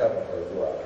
kafin zuwa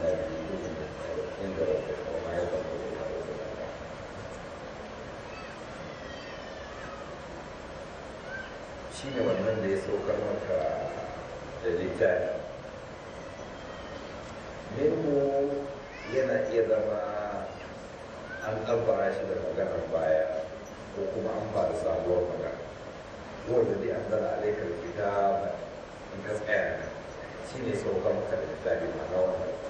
shi ne wannan da ya saukar maka da littafi minhu yana iya zama an ɗabbara shi da maganar baya ko kuma an fara sabuwar magana wanda dai an zara alaikar fita in ka tsaya shi ne saukar maka da littafi ma'ana wannan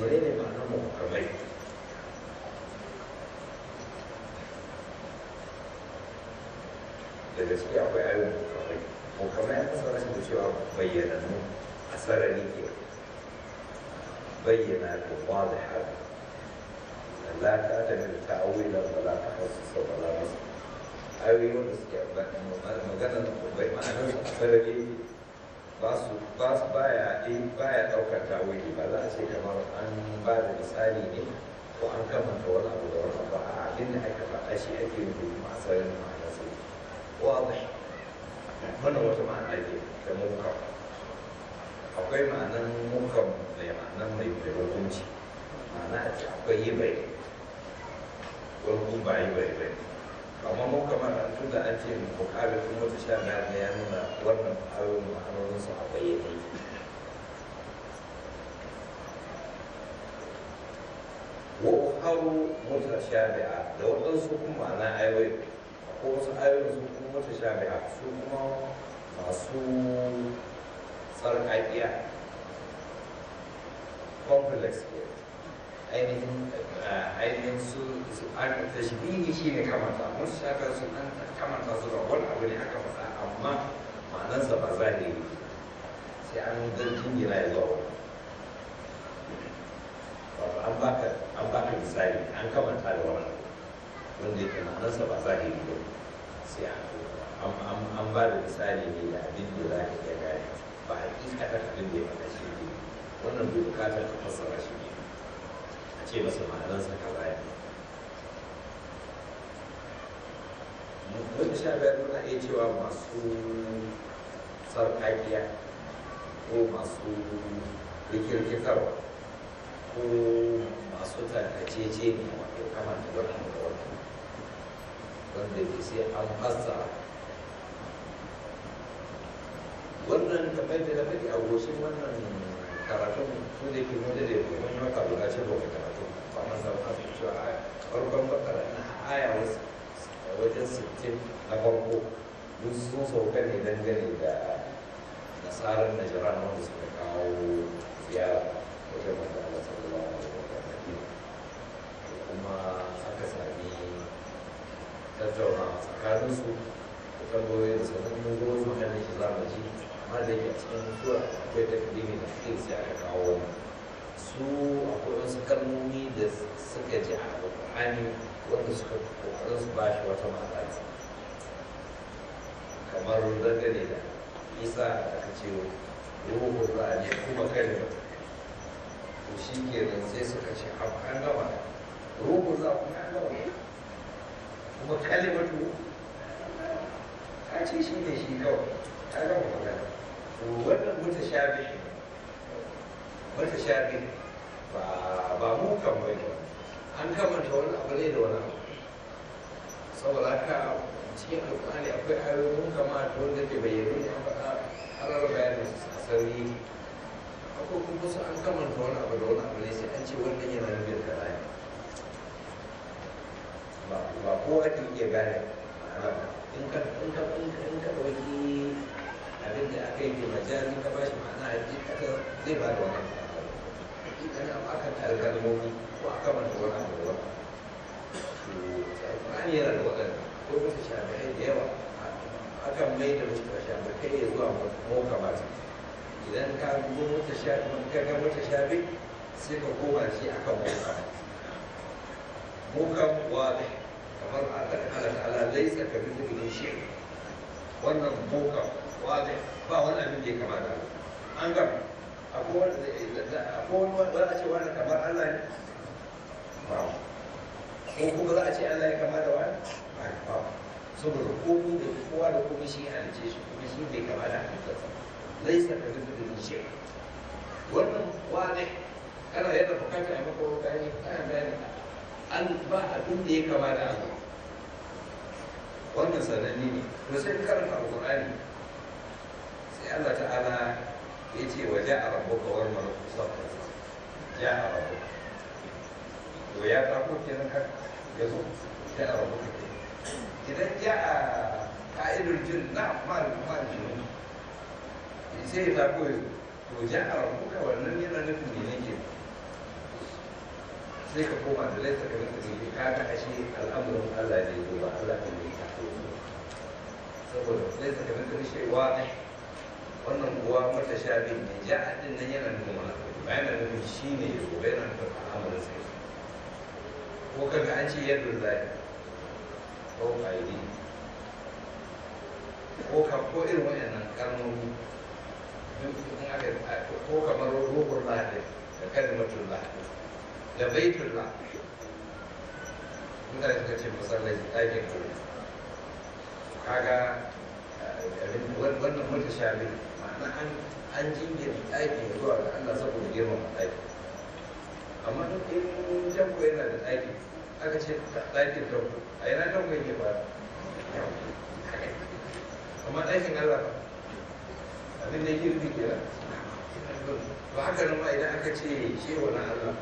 menene ma'anar muharramai da gaske akwai ayon muharramai muharramai an kasa rashin da cewa bayyanannu a sarari ke bayyana da wada hali la ta ta min ta'awilan wala ta hasusa wala nasu ayoyi wanda suke maganar bai ma'anar sarari ba su ba su baya baya daukar tawili ba za a ce kamar an ba da misali ne ko an kamanta wani abu da wani ba a abin da aka faɗa shi ake yi masu yin ma'ana sai wadah mana wata ma'ana ke da munkar akwai ma'anan munkar mai ma'anan mai mai hukunci ma'ana a ce akwai yi bai wani kuma ba yi bai bai amma mu kamar an tuga an ce mu kare kuma wata sha na da ya nuna wannan ayoyin ma'anonin su a bayyane wa ukaru mutashabi'a da waɗansu kuma na ayoyi ko wasu ayoyin su kuma mutashabi'a su kuma masu tsarkakiya complex ke ainihin eh, ainihin su tashbihi shi ne kamanta mun shaka su an kamanta su ba wani abu ne aka faɗa amma ma'anarsa ba zahiri sai an zargin gina ya zuwa wani an baka an misali an kamanta da wani wanda yake ma'anarsa ba za zahiri ba sai an ba da misali ne da abin da za ka iya gane ba a ƙi ƙasar abin da ya faɗa shi ne wannan bai bukatar ka fassara shi ne ce masa ma'anansa ka baya mun sha biyar muna iya cewa masu sarkakiya ko masu rikirkitarwa ko masu tarkacece ne wato kamata wannan da wannan wanda ke sai an fassara wannan kamar da na faɗi a goshin wannan karatun su da ke wanda da mun yi wata a ce lokacin karatu kwanan da wata su a aya farkon bakara na aya wajen sittin na farko duk sun sauka ne dangane da nasarar na jiran wanda suka kawo ziyara wajen wanda Allah sallallahu alaihi wa sallam kuma aka sami tattaunawa tsakaninsu da tambayoyin da sanin mun zo wajen da shi amma da yake cikin mutuwa akwai mai da fiye sai aka kawo su akwai wasu kalmomi da suka ji a alƙur'ani wanda suka kokarin su bashi wata ma'ana kamar dangane da isa da aka ce ruhu ne kuma kalma to shi nan sai suka ce abu an gama ruhu za kuma an gama kuma kalmatu a ce shi ne shi kawai ka ga magana to wannan mutashabi mutashabi ba ba mu kan bai an kamanta wani abu ne da wani saboda haka cikin alƙur'ani akwai ayoyin kama da wanda ke bayyana ne an faɗa harar bayanin a sauri akwai kuma kusa an kamanta wani abu da wani abu ne sai an ce wannan yana nufin da raya ba kowa ke iya gane in ka ɗauki abin da aka yi ke majari ka ba shi ma'ana a jiki aka zai ba da wani hakikanin abu akan targalmomi ko a kamar da wani abu wani alƙur'ani yana da waɗanda ko bisa shafi'ai da yawa akan mai da shafi'ai ya zuwa mokamata idan ka zo mota shafi ka ga mota shafi sai ka koma shi akan mokamata mukam wabe kamar Allah ta'ala laisa ka bi shi wannan mukam wajen ba wani abin da ya kama da an gama akwai wani za a ce wani kamar allah ne ba ko kuma za a ce allah ya kama da wani ba saboda komi da kowa da komi shi halice shi kuma shi bai kama da halittarsa laisa ka duk da shi wannan wani kana yadda bukata a maka bayani kana bayani an ba abin da ya kama da allah wannan sananne ne to sai karanta a alqur'ani sai Allah ta'ala ya ce wa ja'a rabbuka wal malaku ja a rabu to ya tsako nan ka ya zo ja'a ke idan ja a ka'idar jin na kuma da shi wani ya tsako ya zo to rabu rabbuka wannan yana nufin ne yake sai ka koma da laifin ka rinka gani ka a shi al'amuran Allah ne ba Allah ne ya tsako saboda laifin ka rinka shi wa ne wannan kuwa mata sha biyu ne ja a ɗin nan yana nuna wani abu ba yana nuna shi ne ya gobe yana nuna al'amuran sai ko kaga an ce yadda zai ko ƙa'idi ko ka ko irin wayannan kalmomi duk in aka ko kamar ruhun lahadi da kalmatun lahadi da baitun in mutane suka ce masallaci ɗakin kaga eh, wannan mutashabih na an jingin ɗakin zuwa ga Allah saboda girmama ɗakin amma duk in janko yana da ɗaki aka ce ɗakin janko a yana janko yake ba amma ɗakin Allah ba abin da yake rufi kira ba haka nan ma idan aka ce shewa na Allah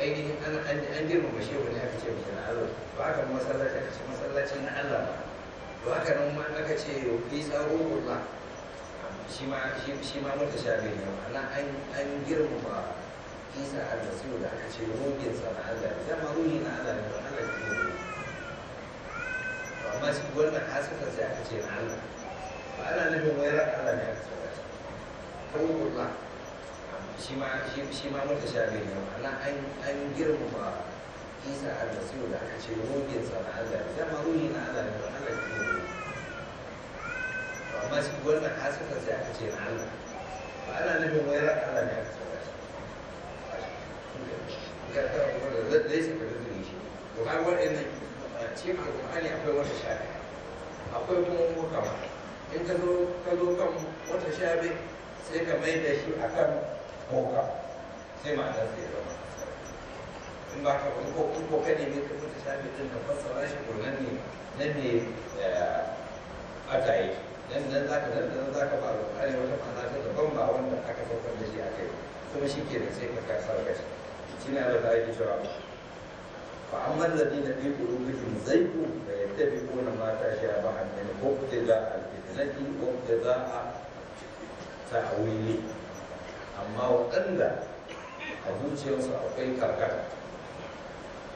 ainihin an girmama shewa ne aka ce mace na Allah ba haka masallaci aka ce masallaci na Allah ba to haka nan ma aka ce yi tsaro kuma shi ma shi ma mutu shafe ne ma'ana an an girmama isa a da su da aka ce ruhin sa na Allah da dama ruhi na Allah ne ba Allah ne to amma shi wannan asifar sai aka ce na Allah ba ana nufin wai ran Allah ne aka ce ba ruhullah shi ma shi ma mutu shafe ne ma'ana an an girmama isa Allah da aka ce ruhin sa na Allah ne dama ruhi na Allah ne ba Allah ne to amma shi wannan hasifan sai aka ce na Allah ba ana nufin wai ran Allah ne aka saka shi ga ta wanda zai saka da zuri shi to har waɗannan cikin alƙur'ani akwai wata shafi akwai kuma mukawa in ka zo ka zo kan wata shafi sai ka mai da shi akan mukawa sai ma'anar sai zama in ba ka wani ko ko ka ne ka fita shafi din da fassara shi ko nan ne nan ne eh, atayi dan dan zaka dan dan zaka ba alƙali wata ma'ana ta daban ba wanda aka saukar da shi a kai kuma shi ke da sai ka kasa ka shi shine Allah ta yi cewa fa amma alladina fi qulubihim zayqu fa yattabi'una ma tashabaha min ibtida al-fitnati wa ibtida ta'wili amma waɗanda a zuciyarsu akwai karkata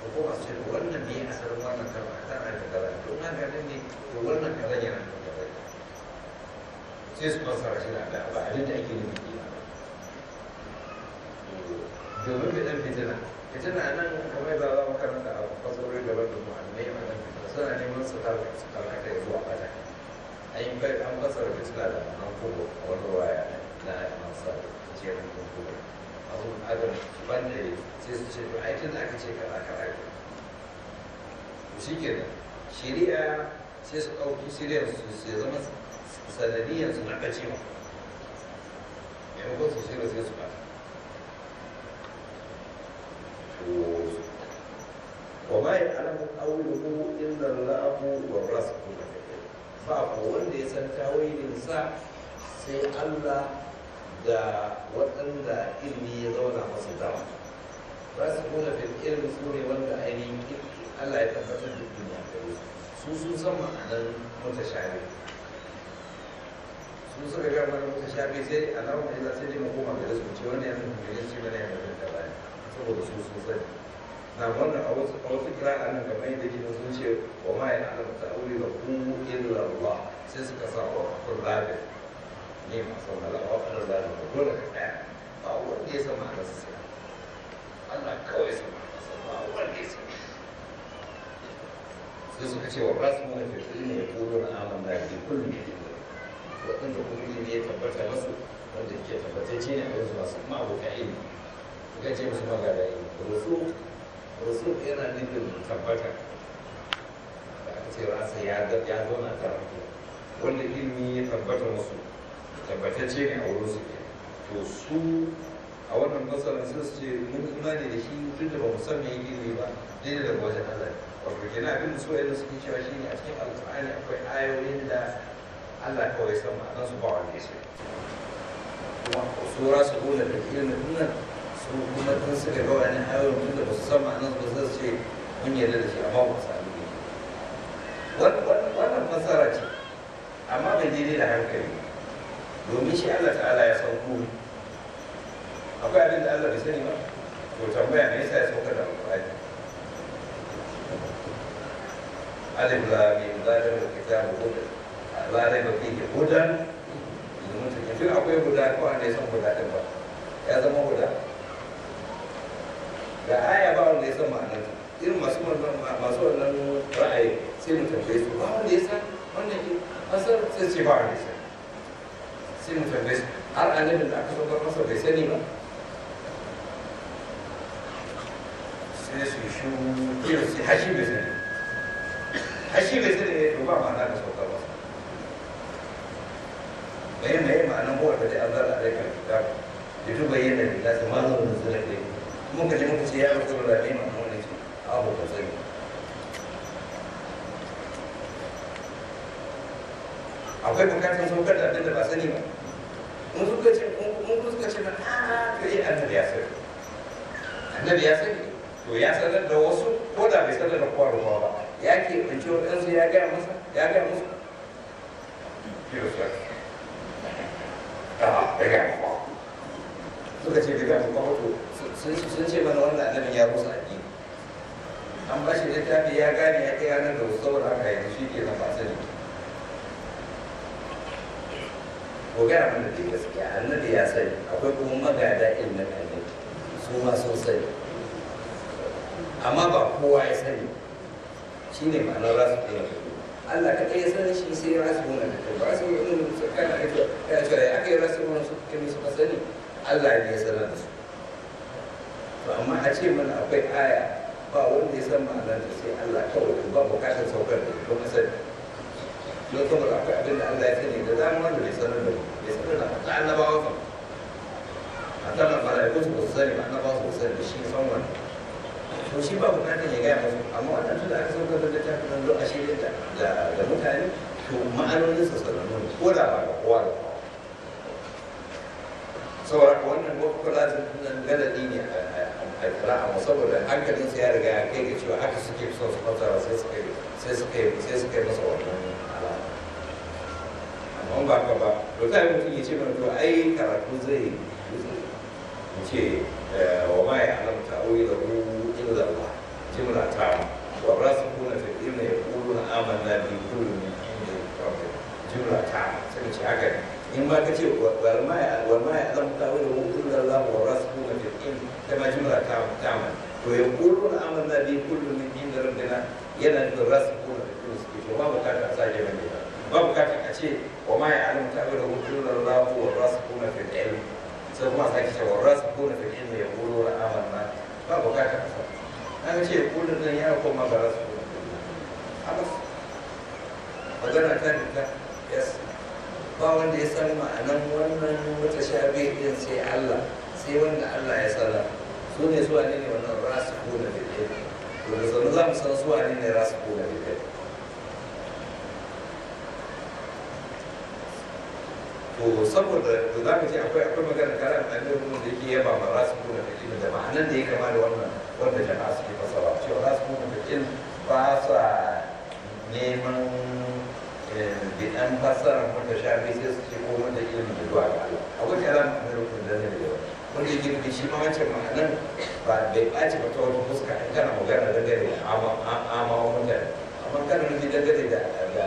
ko kuma su ce wannan ne asalin wannan kaza ta aika kaza to nan ga ne to wannan kaza yana da kaza sai su fassara shi da ba abin da ake nufi ba domin fitan fitina fitina nan kamar ba za mu karanta a fasarorin gaban da mu'almai a nan fitina suna neman su karkata zuwa bata an yi bai an fasara fitina da nan kogo a wani waya na imam sa abun abin bandare sai su ce to aikin da aka ce to shi kenan shari'a sai su ɗauki shari'a sai zama sanadiyyar su na ɓacewa maimakon su shirya sai su ba wa ma ya alamu ƙaunuhu inda la'abu wa rasu ba ko wanda ya san tawilin sai Allah da waɗanda ilmi ya zauna masu zama. ba su kula da irin su ne wanda ainihin Allah ya tabbatar da duniya gare su su sun san ma'anar ma'anan mutashabi sun suka ga mana mutashabi sai na wani za su yi makoma gare su ce wani ya san gare su mana ya zama da baya saboda su sun sani na wannan a wasu a wasu kira a nan gaba yadda jini sun ce wa ma ya alamta aure da kuma illa Allah sai suka sa wa kullabin zai ma sau Allah wa fara da rubu dole ka ba wanda ya san ma'anar kawai wanda suka ce wa rasu mu fi ilmi ya ke ya ya tabbata masu wanda ne a yanzu masu kuma aboka ilmi suka ce musu magana ilmi rusu rusu yana nufin tabbata da aka ce rasa ya zauna tare wanda ilmi ya tabbata masu tabbatacce ne a wurin su to su a wannan matsalar sun ce mun imani da shi duk da ba mu san me yake ne ba daidai da wajen Allah wato na abin da su ayyuka suke cewa shi ne a cikin alƙur'ani akwai ayoyin da Allah kawai san ma'anar su ba wanda ya kuma sura su ula da yin nuna su kuma tun su ga ne ayoyin tun da ba su san ma'anar ba zai ce mun yarda da shi amma ba su abin wannan matsala ce amma bai daidai da hankali domin shi Allah ta'ala ya san komai akwai abin da Allah bai sani ba to tambaya me yasa ya saukar da alƙur'ani alif lam mim zalim kitabu hudan la raiba fihi hudan domin muttaqin tun akwai guda ko an dai san guda din ba ya zama guda da aya ba wanda ya san ma'anar irin masu wannan masu wannan ra'ayi sai mu tambaye su ba wanda ya san wannan ke asar sai ce ba wanda ya san sai mu tambaye su har annabin da aka saukar masa bai sani ba sai su shi kira sai bai sani hashi bai sani ne to ba ma'ana ka saukar masa da an da ya ta zama zama da zira da akwai bukatar sun kada abin da ba sani ba mun suka ce mun suka ce na a yi annabi ya sani annabi ya sani to ya sanar da wasu ko da bai sanar da kowa ruwa ba ya ke ɓance waɗansu ya gaya masa ya gaya musu ah, suka ce daga mu kuma sun ce mana wanda annabi ya rusa addini an ba shi littafi ya gane ya kai ranar da wasu saboda haka yanzu shi ke na fasali ko gaya mana da gaskiya annabi ya sani akwai kuma magada ilmin annabi su ma sun sani amma ba kowa ya sani shi ne ma'anar rasu ɗaya Allah ka ɗaya sani shi sai rasu gona da kai ba su wani su kana ita ya ce ya aka yi rasu gona su kai su sani Allah ya sanar da su to amma a ce mana akwai aya ba wanda ya san ma'anar da sai Allah kawai ba bukatar saukar da ba mu sani don saboda akwai abin da Allah ya sani da zamu wanda bai sanar da bai sanar da ta annabawa kan a tana malaiku su ba su sani ba annabawa su sani da shi san wannan to shi ba bukatar ya gaya musu amma wannan tunda aka sauka da ta kan zo a ta da mutane to ma'anonin ko da ba ga kowa da saboda wannan kula galadi ne a kira'a saboda hankalinsa ya riga ya kai ga cewa haka suke son su kwanta sai suka yi masa wannan an ba ka ba to kai mutum yi ce mana to ai karatu zai in ce eh, wa ma ya alam ta'awi da ku illa Allah ce mana ta wa rasuluna fil ilmi yaquluna amanna bi kulli min indi rabbina ta sai ce haka in ba ka ce wal ma ya wal ma ya alam da ku illa Allah wa rasu fil ilmi kama jumla ta ta to yaquluna amanna bi kulli min indi rabbina yana da rasuluna fil ilmi ba ka ta sa mai ba bukatar a ce wa ma ya alim ta da hutun da za ku wa rasu kuna fil ilm sai kuma sake ce wa rasu kuna fil ilm ya kulo na amanna ba bukatar ka an ce kullum nan ya koma ga rasu kuna fil ilm alas magana ta rinka yes ba wanda ya san ma'anan wannan wata shafi din sai Allah sai wanda Allah ya sana su ne su ne wannan rasu kuna fil ilm to da zan za san su ne rasu kuna fil ilm to saboda to za ka ce akwai akwai magana kare a ɗan ɗan da yake yaba ma su kuna da kima jama'a nan da ya kama da wannan wanda jama'a suke fasawa cewa za su kuna da kin ba sa neman eh, bidan fasarar wanda shafi sai su ce ko wanda ilimin da zuwa ga Allah akwai kare amfani da ruwan da zai yawa wanda yake da shi ma wancan ma'anar ba bai ɓaci ba ta wata fuska in kana magana da dangane da amawa mutane amma kana nufi dangane da da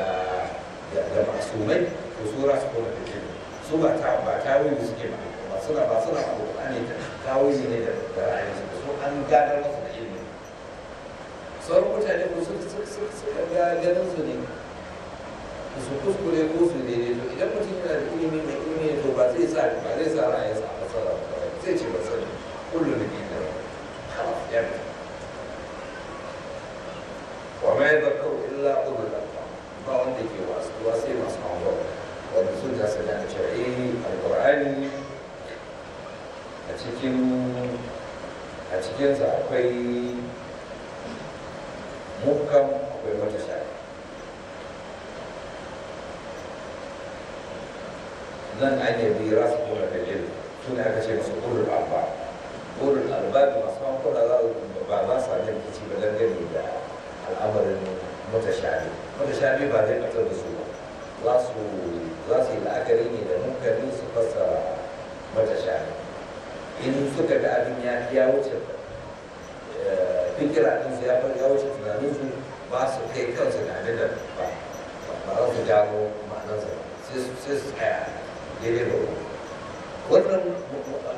da masu mai ko su ra su kuna da kima su ba ta ba ta yi suke ba ba suna ba suna alƙur'ani ta tawili ne da ra'ayinsu su an gadar musu da ilimi sauran mutane ko su suka ga ganin su ne su kuskure ko su ne to idan mutum yana da ilimi mai ilimi to ba zai sa ba zai sa ra'ayinsa a fasara zai ce ba sani kullum da gida ya wa ma yadhkuru illa ulul cikin a cikinsa akwai mukam akwai wata shari nan an yabi rasu kuma da lil suna aka ce masu ƙurin alba ƙurin alba da masu hankula za ba za su sami rikici ba dangane da al'amarin mutashari mutashari ba zai ɓatar da su ba za su yi la'akari ne da munkarin su fasa mutashari in suka ga abin ya ya wuce eh, fikira din su ya fara ya wuce tunanin su ba su kai kansu da ba ba za su gano ma'anarsa sai su sai su tsaya daidai ba wannan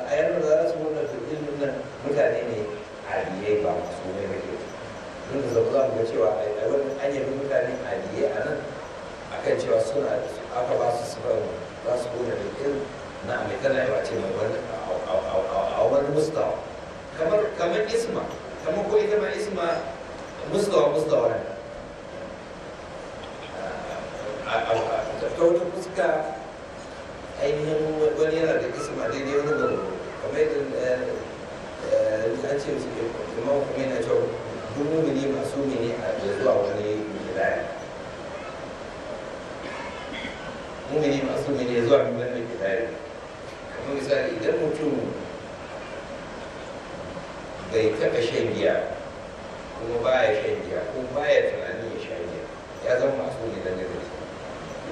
a yanar da za su wannan ilimin nan mutane ne a aliyai ba masu mai rage don da zama za mu ga cewa a wannan an yi mutane aliyai a nan akan cewa suna aka ba su sifar za su gona da irin na'am kana yawa ce mai wani mustawa kamar kamar isma kamar ko ita ma isma mustawa mustawa ne ta wani fuska ainihin wani yana da isma daidai wani gano kamar yadda eh, eh, an ce su ke kuma kuma yana cewa dubu mini masu mini a zuwa wani milaya mumini masu mini zuwa miliyan da ke tare misali idan mutum bai taɓa shan giya kuma baya shan giya ko baya tunanin ya shan giya ya zama masu ne da gari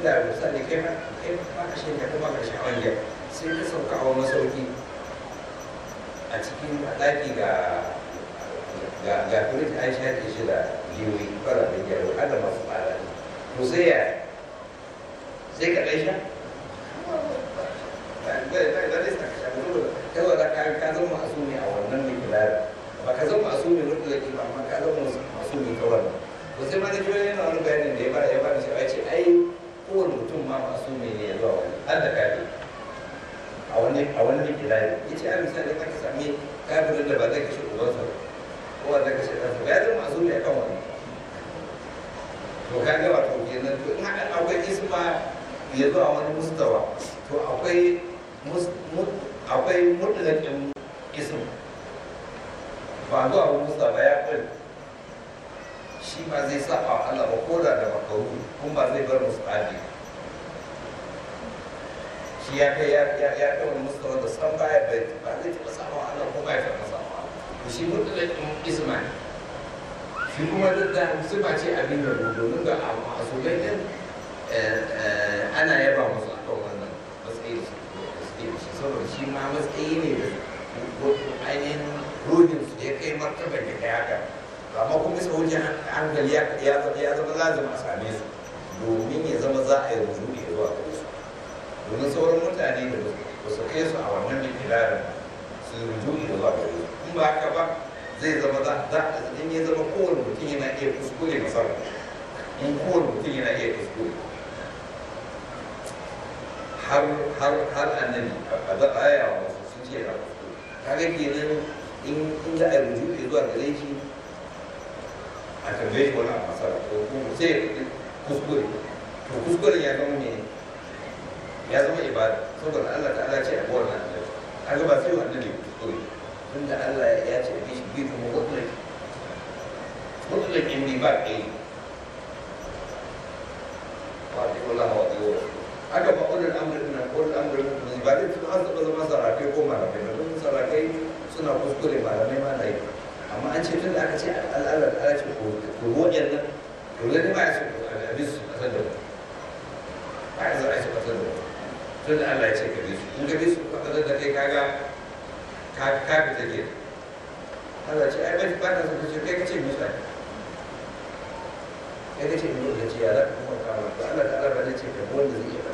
ina misali kai ma kai ma ka shan giya kuma ka wani giya sai ka sauka a masauki a cikin ɗaki ga ga ga ta aisha ta shi da liyoyi fara da gyaru, har da masu tsada to sai ya sai ka ɗan sha zai sa ka shafi masu ne a wannan mai kibari ba ka zama masu ne wanda zai ba ka zama masu ne ta wannan to sai ma na ji a ce ai kowane ma masu ne ne ya zuwa wani har da a wani a wani mai kibari ya ce a misali ka ka sami kafirin da ba zai kashe ubansa ko ba zai kashe ɗansa ba ya zama masu ne a kan wani to ka ga wato kenan to in haka akwai isma ya zuwa wani mustawa to akwai akwai mutlakin ism ba zuwa wa musa ba ya kuri shi ba zai sa a Allah ba koda da makaru kun ba zai bar musu ajiye shi ya kai ya ya ya kai wani musa wanda san baya bai ba zai taɓa saba wa Allah ko ba ya taɓa saba wa Allah shi mutlakin ism ne shi kuma duk da musu ba ce abin da domin ga a masu eh, eh, ana yaba musu saboda shi ma matsayi ne da ainihin rodin su ya kai martabar da ta yaka hankali ya zama lazima a same su domin ya zama da zai zama kowane mutum yana iya kuskure in kowane mutum yana iya kuskure har har har annabi a da aya wa sun ce ya ra ga kenan in in za a rujuki zuwa gare shi a tambaye shi wani a masara ko kuma sai kuskure to kuskure ya zama ne ya zama ibada saboda Allah ta ala ce a abuwa na annabi ga ba sai wannan ne kuskure tunda Allah ya ce bi shi bi kuma kuskure kuskure in bi ba ɗaya haka ba ulul amri na ulul amri ne ba dai sun haɗa zama sarakai ko malamai ba don sarakai suna kuskure malamai ma na yi amma an ce tunda aka ce al'adar ala ce ko ruwan nan to zai ba ya ce abin su kasar da ba ya zai su kasar da tun da Allah ya ce gare su in bisu ka kasar da kai kaga ka ka fita ke Allah ce ai bai fata sun ce kai ka ce musa kai ka ce musa ya za ka kuma kama ba Allah ta'ala ba zai ce ka wanda zai iya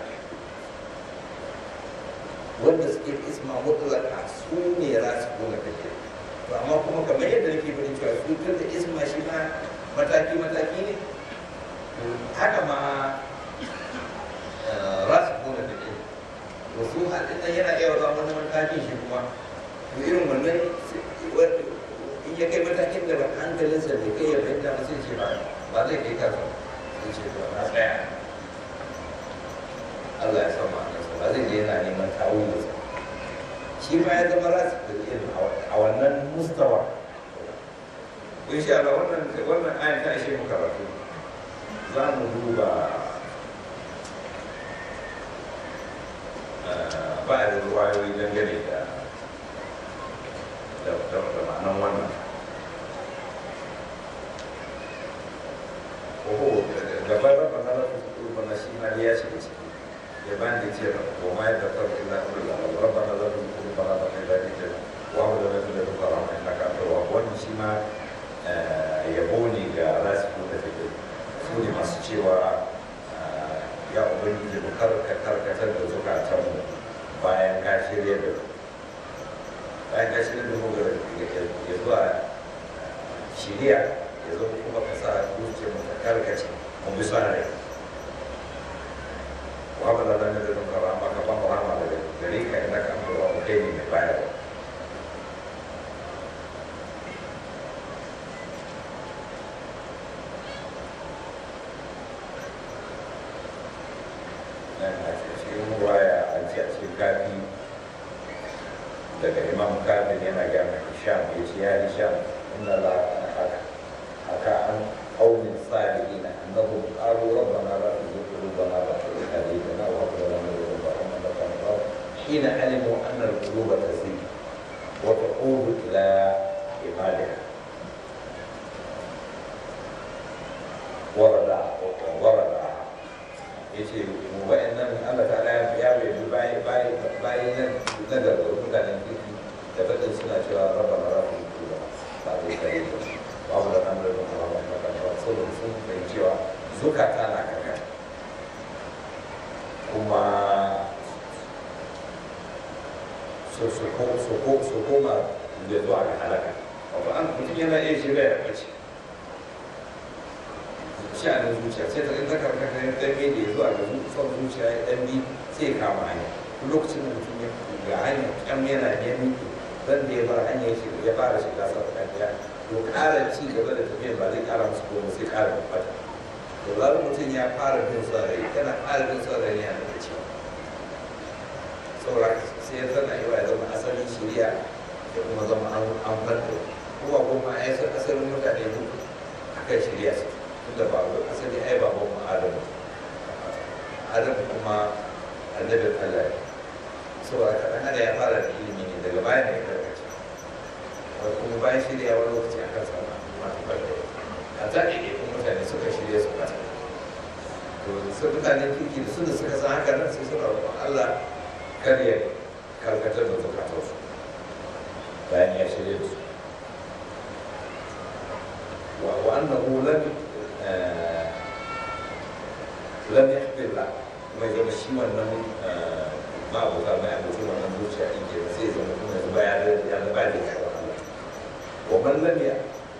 wanda suke isma isma a su ne za su kona kake to amma kuma kamar yadda nake faɗin cewa su tun da isma shi ma mataki mataki ne haka ma eh, za su kona kake su haɗin yana iya zama wani matakin shi kuma to irin wannan in ya kai matakin da ba hankalinsa da kai ya fahimta ba sai ce ba ba zai kai kansa sai ce ba na tsaya Allah ya sama ba zai je yana neman ba. shi ma ya zama rasu da ilmi a wannan mustawa ko shi ala wannan wannan ayan ta ishe mu karatu za mu duba ba da ruwayoyi dangane da da ma'anan wannan ko gaban ba na rafa su ba na shi ma ya shiga ce. يبان كثيرا وما يذكر الا اولو الالباب ربنا لا تزغ قلوبنا بعد اذ هديتنا وهب لنا من لدنك رحمه انك انت الوهاب wannan shi ma yabo ne ga rasiku da fito su ne masu cewa ya ubangiji mu karkatar da zukatanmu bayan ka shirya da bayan ka shirya da mu ya zuwa shirya ya zo kuma ka sa zuciyarmu son rai 对。يعني كم ينا يميكي بل دي برا أن يشي ci gaba da صدق أن يا وقال شيء قبل تبين بعد قال مسكون مسك قال مفتح وقال متين يا قال بن صاري كان قال بن صاري يعني كذي saura sai ya zama yawa ya zama asalin shirya da kuma zama an farko kuma kuma a yasa asalin mutane duk akan shirya su tunda ba wai asali ai ba mu Adamu. Adamu kuma annabin Allah ne saboda kaɗan ya fara da ilimi daga baya ne ya karkace wai kuma bayan shirya wani lokaci a kan sama masu farko a ta ɗaiɗaikun mutane suka shirya su ɓata to su mutane kirki da su da suka haka nan sai Allah kar ya karkatar da zukatansu bayan ya shirya su ba a buka mai a wannan zuciya in ke sai ya zama kuma ba ya ya ba da ya wa Allah wa man lam ya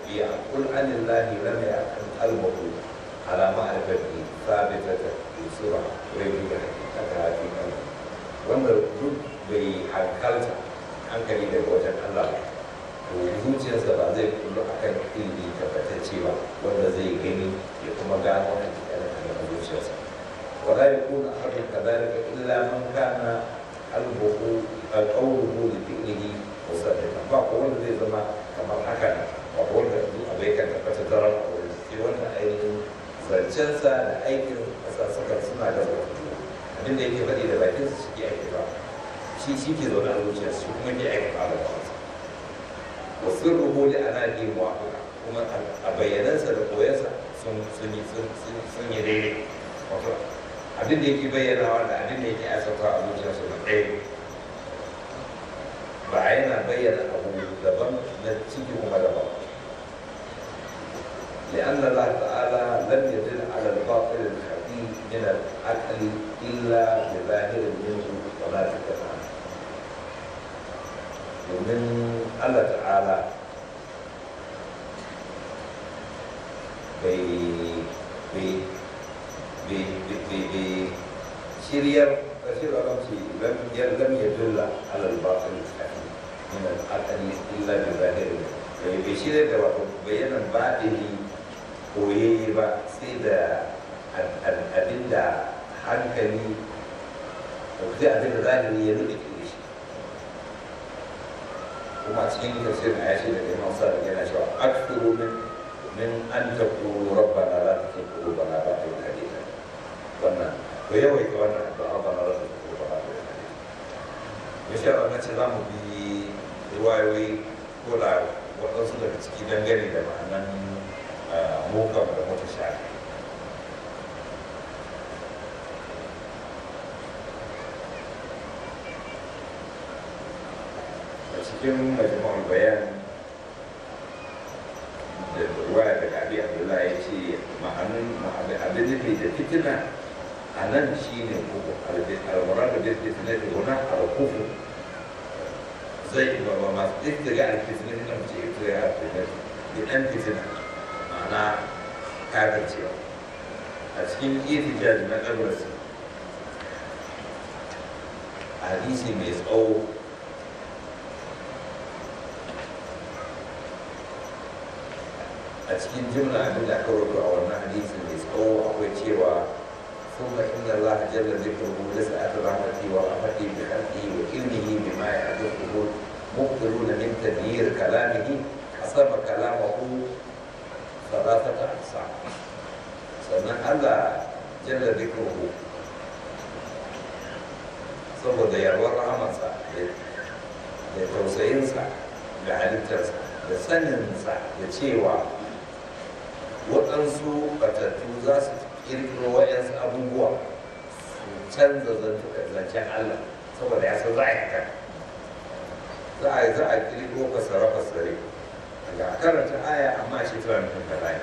ya qul anillahi lam ya kan qalbuhu ala ma'rifati thabitata yusura rabi ga hakika fi kan wanda duk bai hankalta hankali daga wajen Allah ba zuciyarsa ba zai kullu a kan ilmi tabbatacce ba wanda zai gani ya kuma gano a cikin zuciyarsa ولا يكون أحد كذلك إلا من كان قلبه قوله لفعله مصدقا فقول زي زما كما حكى وقول أبيك أن تتدرى وقول سيوان أي zancensa da aikin asasakar suna da abin da yake faɗi da bakin su suke aiki ba shi shi ke zaune a zuciya su kuma ke aiki ba da ba wasu rubuta ana yi mu'amala kuma a bayyanansa da koyansa sun yi daidai abin da yake bayyana wanda abin da yake asarwa a zuciyarsa da ɗaya ba a yana bayyana abu daban na cikin kuma daban لأن الله تعالى لم يدل على الباطل الخفي من العقل إلا بظاهر منه ولا بكلام ومن الله تعالى bai سيريا سير الأمسي لم يعني لم يدل على الباطل من الأقل إلا بظاهره يعني بشير دوات بيان بعده ويبا سيدا أبدا حنكلي وفي أدلة ظاهره يدلك إليش وما تشين كثير عاشي لكي ما صار لنا شو أكثر من من أن تقول ربنا لا تكن قلوبنا باطل حديثا والنعم ka yawaita wannan addu'a ba na rasa ko ba insha Allah ce za mu bi ruwayoyi ko da waɗansu daga ciki dangane da ma'anan mokam da mota shafi cikin majmu'ul bayan da ruwa daga abi abdullahi ya ce ma'anin abin nufi da fitina a nan shi ne al-muradu bil istinati huna al-kufu zai ba ba ma istiga al-istinati nan ce istiga al-istinati idan fitina ma'ana kafircewa a cikin ihtijaj na a hadisi mai tsawo a cikin jimla abin da aka rubuta a wannan hadisi mai tsawo akwai cewa ثم إن الله جل ذكره لسعة رحمته ورحمته بخلقه وعلمه بما يحدثه مخبرون من تدبير كلامه حسب كلامه ثلاثة أقسام sannan Allah jalla zikruhu saboda yarwar rahamarsa da tausayinsa da halittarsa da saninsa da cewa waɗansu batattu za su kirkiro wa'yansu abubuwa su canza zancen Allah saboda ya san za a yi za a yi za a kirkiro fasara fasare daga karanta aya amma shi tunanin da layi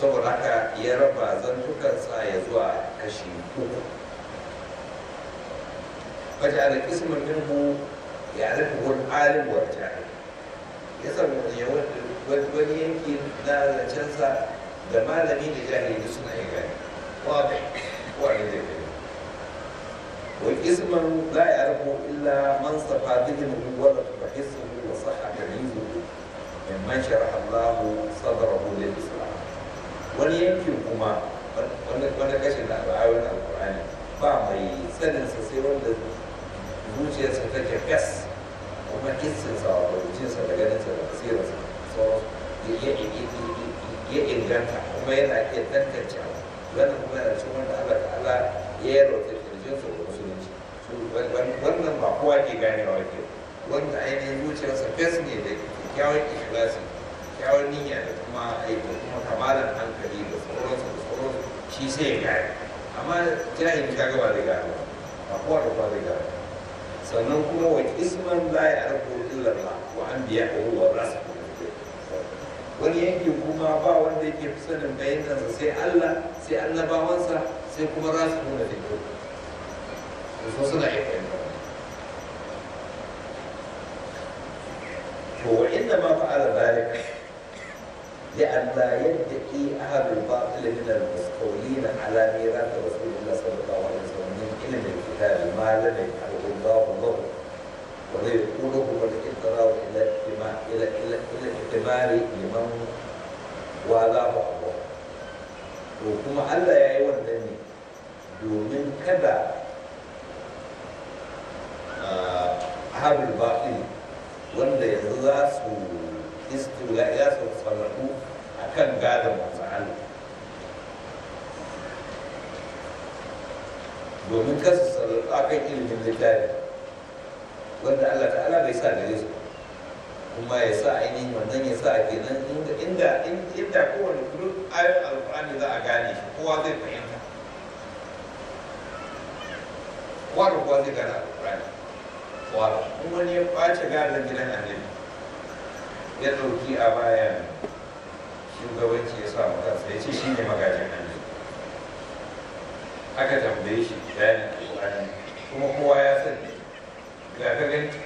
saboda haka ya raba zantukansa ya zuwa kashi uku فجعل الاسم منه يعرفه العالم والجاهل يسمى يود وليكن na تنسى لما لمين الجاهل يسمع يجاهل واضح وعيد والإزمة لا يعرف إلا من صفاته من ولد وحسه وصح كنيزه ممن شرح الله صدره للإسلام وليمكنكما وانا كاشي لا بعاون القرآن فاما يسلن سيرون بوجه سفاكة كس وما كس سعوده وجه سفاكة سيرون سعوده يجي يجي يجي ya inganta kuma yana iya tantance wannan kuma yana cikin wanda Allah da Allah ya yi rauta kirjin su da musulunci wannan ba kowa ke gane wa ke wanda ainihin zuciyarsa fes ne da kyawun ikhlasi kyawun niyya da kuma aiki kuma kamalan hankali da tsoronsa da tsoronsa shi sai ya gane amma jahili ka gaba da gane ba kowa da kowa da gane sannan kuma wa isman la ya arko illa Allah wa anbiya'uhu wa rasulahu wani yanki kuma ba wanda yake fi sanin bayanansa sai Allah sai annabawansa sai kuma rasu nuna da yau da so suna iya to wa inda ma fa'ala zalik لأن لا يدعي أهل الباطل من المستولين على ميراث رسول الله صلى الله عليه وسلم من kitab الكتاب ما لم يفعله wa له ولا يقوله ولا إضرار إلى الكلمة إلى إلى إلى اعتبار لمن والاه الله وكما ألا يا أيوة ne domin kada ahabul batil wanda yanzu za su istila ya su sarrafu a kan gadon masu Allah domin kasu sarrafu a kan ilimin littafi wanda Allah ta'ala bai sa gare su kuma ya sa ainihin wannan ya sa kenan inda inda kowane kudu ayar alkur'ani za a gane shi kowa zai fahimta kwaro da zai gane alkur'ani kwaro kuma wani ya ɓace gadon gidan annabi ya ɗauki a bayan shugabanci ya sa matansa ya ce shi ne magajin annabi aka tambaye shi gane alkur'ani kuma kowa ya sani ga ka gani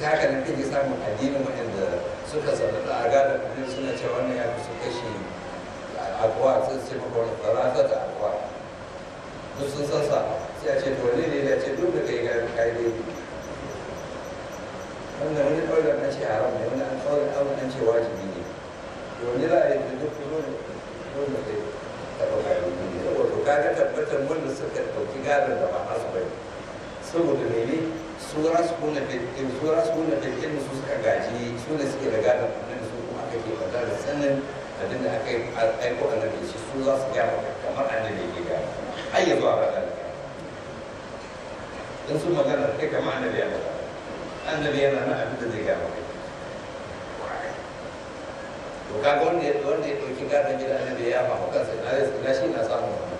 ta haka nan kake samun addinin waɗanda suka zaɓa a gada kudin suna cewa wannan ya fi su kashe akwa sun ce maka wani faransa da akwa duk sun san sa sai a ce to wani ne ya ce duk da kai gari kai ne wannan wani ɗaurin na ce haram ne wani an ɗaurin abin an ce wajibi ne to wani za a yi da duk kuma dole ne taɓa gari ne saboda ka ga tabbatar wanda suka ɗauki gadon da ba su bai saboda ne mene su rasulun da ilmi su rasulun da ilmi su suka gaji su da suke da gadon annabi su kuma aka ke fada da sanin abin da aka yi aiko annabi shi su za su gaya maka kamar annabi ke gaya har yanzu a faɗa da in sun magana kai kamar annabi ya faɗa annabi yana na abin da zai gaya kai to kaga wanda ya wanda ya dauki gadon gida annabi ya fa kansa na zai na shi na samun samu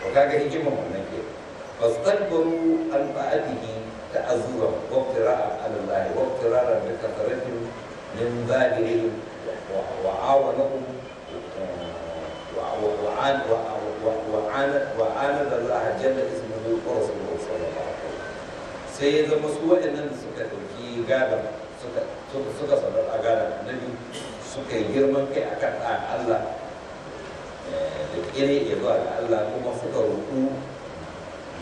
to kaga hikiman wannan kenan فاستكبروا عن بعده تأزورا وافتراء على الله وافترارا بكثرة من ذلهم وعاونهم وعاند وعاند وعاند الله جل اسمه ورسوله صلى الله عليه وسلم sai ya zama su waɗannan da suka gadon suka sadar a gadon annabi suka yi girman kai a kan ɗan Allah da ƙire ya zuwa da Allah kuma suka roƙo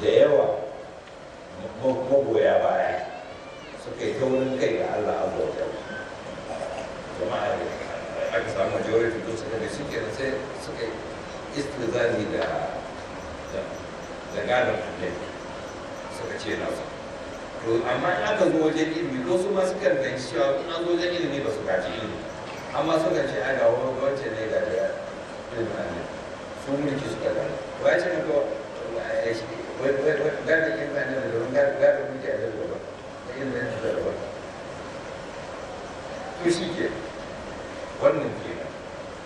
da yawa magoya baya suka yi taurin kai da Allah azza wa jalla jama'a da aka samu majority don suka da suke da sai suka yi istizani da da gadon suka ce na su to amma in aka zo wajen ilimi ko su ma sukan da cewa in an zo wajen ilimi ba su gaji ilimi amma sukan ce a ga wani wance ne ga da ilimin annabi su mulki suka gano ba ya ce na kawai ya shi gane shi ke wannan ke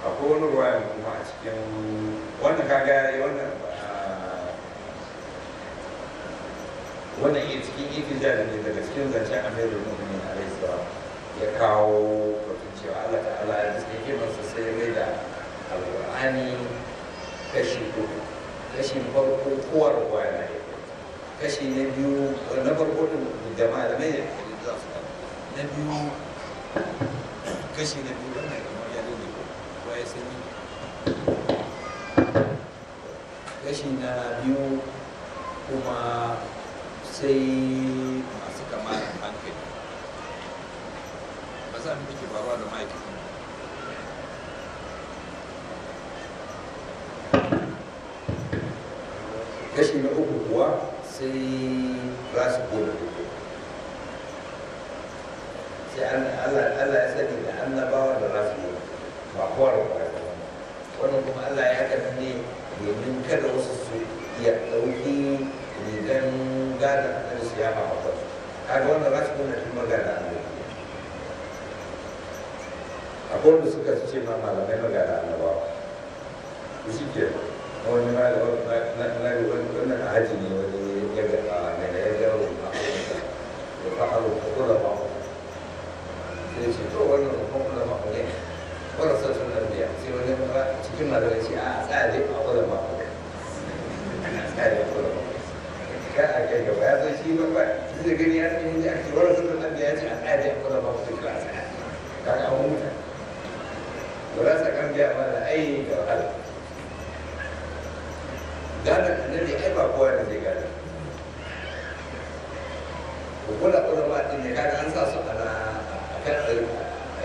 akwai wani ruwaya kuma a cikin wannan kaga wannan ah, wannan iya cikin iltija da ne daga cikin zancen amirul mu'minin alaihi salam ya kawo batun cewa Allah ala ya cikin hikimarsa sai mai da alƙur'ani kashi uku kashin farko kowar ruwa na yi kashi na biyu na farko din da malamai ne na biyu kashi na biyu wannan kamar ya dole kowa ya sani kashi na biyu kuma sai masu kama da hankali ba za mu ke faruwa da ma'aikata kashi na uku kuwa sai za su gode kuku allah ya sani da annabawa da za su yi ba kowar ba wannan kuma allah ya haka ne domin kada wasu su iya ɗauki rigan gada na da siyama a wasu kaga wannan ba su gode kuma gada a akwai wanda suka ce ma malamai magana annabawa shi ke wani wannan a hajji ne wani ya a da fa'aru ne wani a a a a ne a a a gane annabi ai ba kowa ne zai gane ko kula kula ma ne kaga an sa su ana kan tsari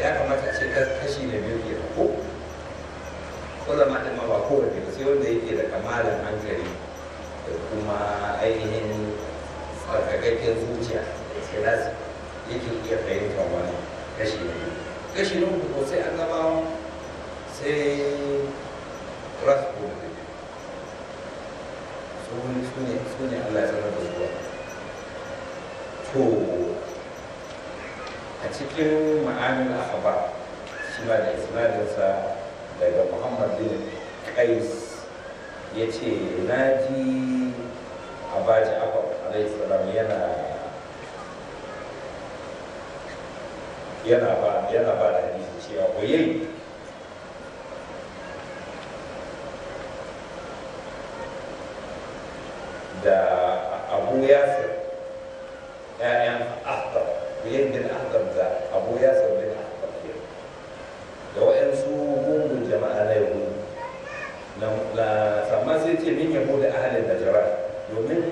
ya kamata ce kashi ne biyu ke ko kula ma din ma ba kowa ne sai wanda yake da kamalan hankali da kuma ainihin tsarkakakken zuciya sai nasu yake iya fahimtar wani kashi ne kashi ne ko sai annabawa sai rasu su ne Allah ya sanar da zuwa to a cikin ma'anin ahaba shi ma da isnadinsa daga muhammad bin qais ya ce na ji abaji abu alaihi salam yana yana ba da hadisi cewa koyayi ابو ياسر يعني اخطر بين اخطر ذا ابو ياسر بن اخطر فيه لو ان سوقوا من جماعه لا يقول لما سمى سيتي من يهود اهل النجران يومين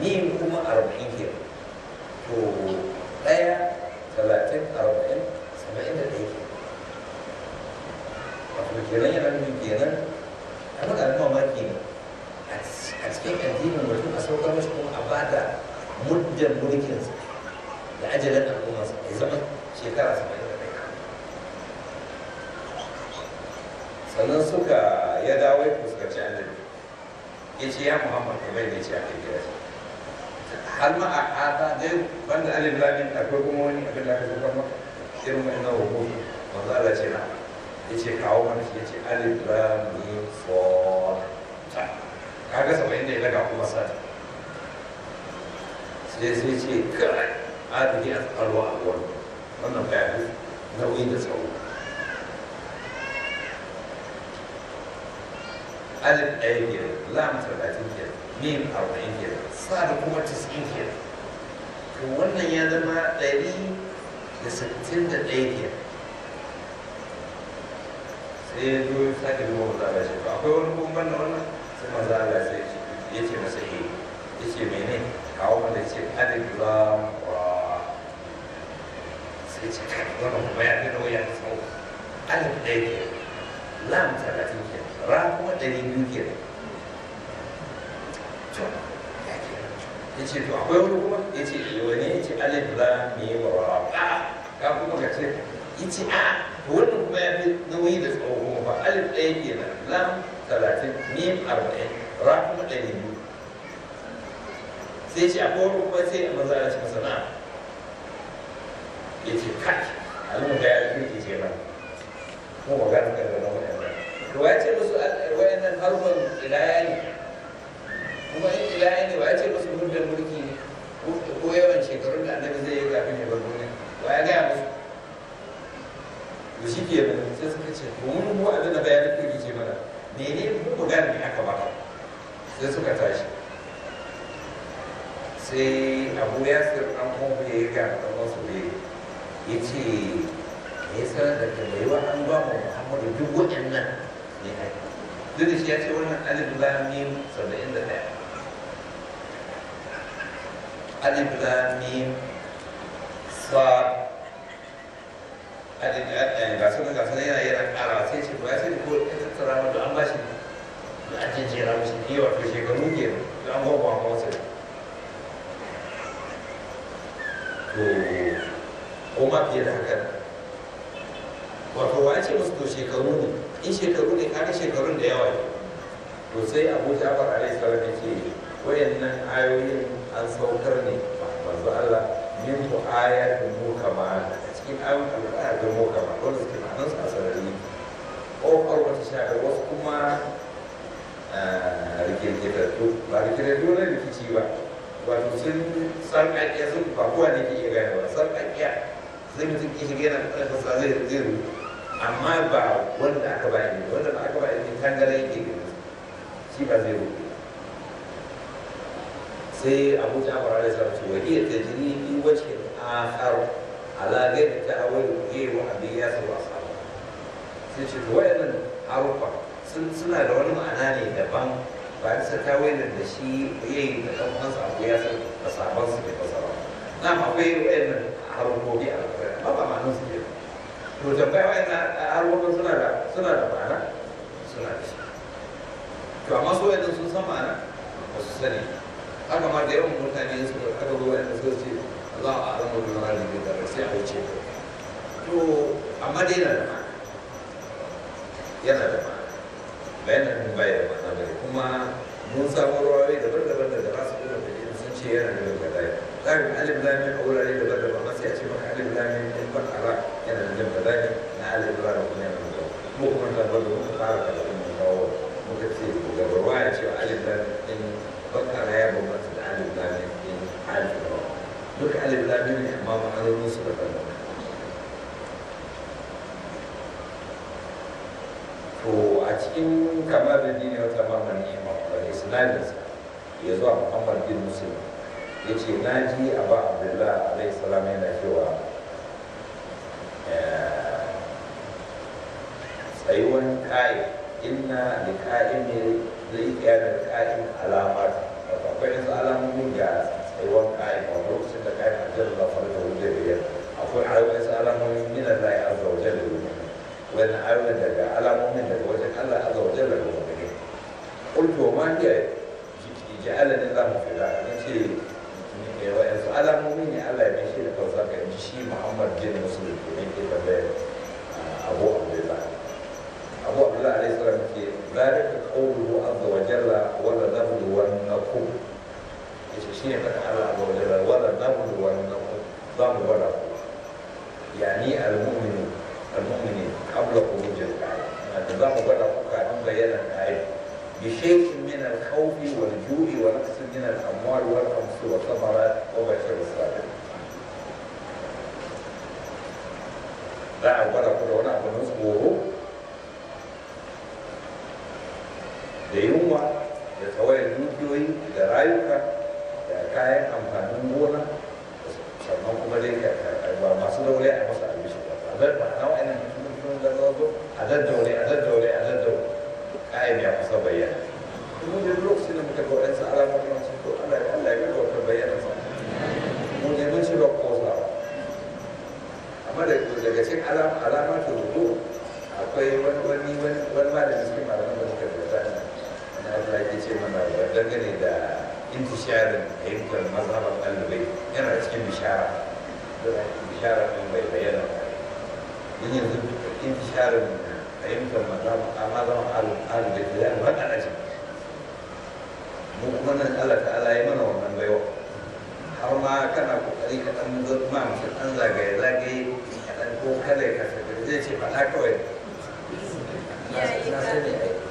ni kuma arba'in ke to ɗaya talatin arba'in saba'in da ɗaya ke wato kenan yana nufin kenan abin nuna maki ne a cikin addinin mutum a saukar mashi kuma a ba bada muddan mulkinsa da ajalin al'ummarsa ya zama shekara saba'in da ɗaya sannan suka ya dawo ya fuskanci annabi ya ce ya muhammad kamar da ya ce a kai gidansa har ma a hada dai banda alif lamin akwai kuma wani abin da aka zo kan maka irin wani nawa ko manzo Allah ce na yace kawo mana shi yace alif lamin for kaga saba'in da ya daga kuma sata sai sai ce kai adadi a tsakarwa a wani wannan bayani nauyi da tsawo alif ɗaya biyar lam talatin biyar yin arba'in kenan Sa da kuma tis'in kenan to wannan ya zama ɗari da sittin da ɗaya kenan sai ya zo ya sake zuwa maza Allah shi akwai wani bumban na wannan sai maza Allah sai ya ce masa he eh. ya ce mene kawo mana ce alif lam ra sai ce kai wannan kuma ya gano ya tsawo alif ɗaya kenan lam talatin kenan ra kuma ɗari biyu kenan to ya ce to akwai wani kuma ya ce wani ya ce alif za mu yi wa ka kuma ka ce ya ce a wannan kuma ya fi nauyi da tsoho ba alif ɗaya ke nan lam talatin mim arba'in ra kuma ɗari biyu sai ce akwai wani kuma sai a maza ya ce masa na ya ce kai alimu ga ya kirki ce nan kuma magana kan da na wani to ya ce musu wayannan harfan ila ne kuma in ila inda ba ya ce musu muddin mulki ko yawan shekarun da annabi zai yi kafin ya bar duniya wa ya gaya musu to shi ke nan sai suka ce mun mu abin da bayanin kuri ce mana mene mu ku gane me aka baka sai suka tashi sai abu ya sir an kuma ya yi gane da wasu ne ya ce ya sanar da wa an ba mu muhammadu duk waɗannan ne haka duk da shi ya ce wannan alif lam mim saba'in da ɗaya alif lam mim sad alif lam ga sunan ga sunan yana yana ƙara sai ce ba sai ko ta tsara mu an ba shi da an jera mu shi ne wato shekaru ke da an gwagwa ma wasu to kuma fiye da haka wato wa ce musu to ne in shekaru ne kaga shekarun da yawa ne to sai abu jafar alaihi salam yake wayannan ayoyin an saukar ne manzo Allah min ku ayatin mukama a cikin ayoyin alƙur'ani da mukama don suke ma'anar su a sarari ƙofar wata sha'ar wasu kuma rikirkitattu ba rikirkitattu na kici ba wato sun sarƙaƙiya sun ba kowa ne ke iya gane ba sarƙaƙiya zai mutum ke shiga yana ƙarfin sa zai zai amma ba wanda aka ba ne wanda ba aka ba ne tangare yake gani shi ba zai rubu sai abu ja'far alaihi salam ce wahiya tajri fi wajhin akhar ala ghairi ta'awil ruhi wa abiyas wa asal sai ce wayannan harufa suna da wani ma'ana ne daban ba bisa tawilin da shi yayi da kan kansa abu ya san da sabon su da fasara na akwai wayannan harufofi a alƙur'ani ba ba ma'anar su ne to tambaya wayannan harufofin suna da suna da ma'ana suna da shi to amma su wayannan sun san ma'ana ba su sani haka ma da yawan mutane suka aka zo yana suka ce Allah a alamu bi mara da da sai a yi wuce to amma dai yana da ma yana da ma bayanan mun bayar da ma kuma mun samu ruwaye daban-daban da ba su da dalilin sun ce yana da gazaye tsarin alif lami a wurare daban-daban ma sai a ce maka alif lami in ba ara yana da jan gazaye na alif lami kuma yana da mu kuma da ba da mun fara da mun kawo muka ce daga ruwaya ce alif lami bakara ya bambanta da alif lamin din alif rawa duk alif lamin ne amma ma'anonin su da daban to a cikin kamar da dini wata mamani mafi isnadinsa ya zuwa muhammad bin muslim ya ce na ji a abu abdullah alaihi salam yana cewa tsayuwan ka'i inna da ka'i ne zai iya da ƙarin alamat wato akwai yanzu alamomin da tsayuwar ƙarin wato lokacin da ƙarin ajiyar da faru da wuri da biyar akwai ayoyin alamomin min Allah ya azza wa jalla wani ayoyin daga alamomin daga wajen Allah azza wa jalla da wuri ne qultu ma hiya ja'alani Allahu fi da'ati ce ne wa'ansu alamomin ne Allah ya shi da kansa ga shi Muhammad bin Muslim ne ke tambaya بارك قوله عز وجل ولنبلونكم شيء من الله عز وجل ولنبلونكم ضم ولكم يعني المؤمنون المؤمنين قبل خروج الآية النظام بلغ كان بيانا الآية بشيء من الخوف والجوع ونقص من الأموال والامس والثمرات وبشر الصابرين لا ولا كل هنا أبو da yunwa da tsawayar dukiyoyi da rayuka da kayan amfanin gona sannan kuma dai ba masu daure a masa abin shi ba a zarta na wa'annan sun zarta a daddaure a daddaure a daddaure kayan ya kusa bayyana kuma da lokacin da muka ga waɗansu alamomi masu to Allah ya Allah ya ga wata bayyana sa mun ne mun shiga kosa amma da daga cikin alama alama to akwai wani wani wani wani malamin cikin malaman da suka rubuta da Allah ya ce mana ba dangane da intisharin ayyukan mazhabar ɗalibai yana cikin bishara bishara ɗin bai bayyana ba yanzu intisharin ayyukan mazhabar ɗalibai da yana wata a cikin mu kuma nan Allah ta'ala ya mana wannan baiwa har ma kana kokari ka dan zama mutum dan zagaye zagaye ka dan ko kada ka zai ce faɗa kawai na sani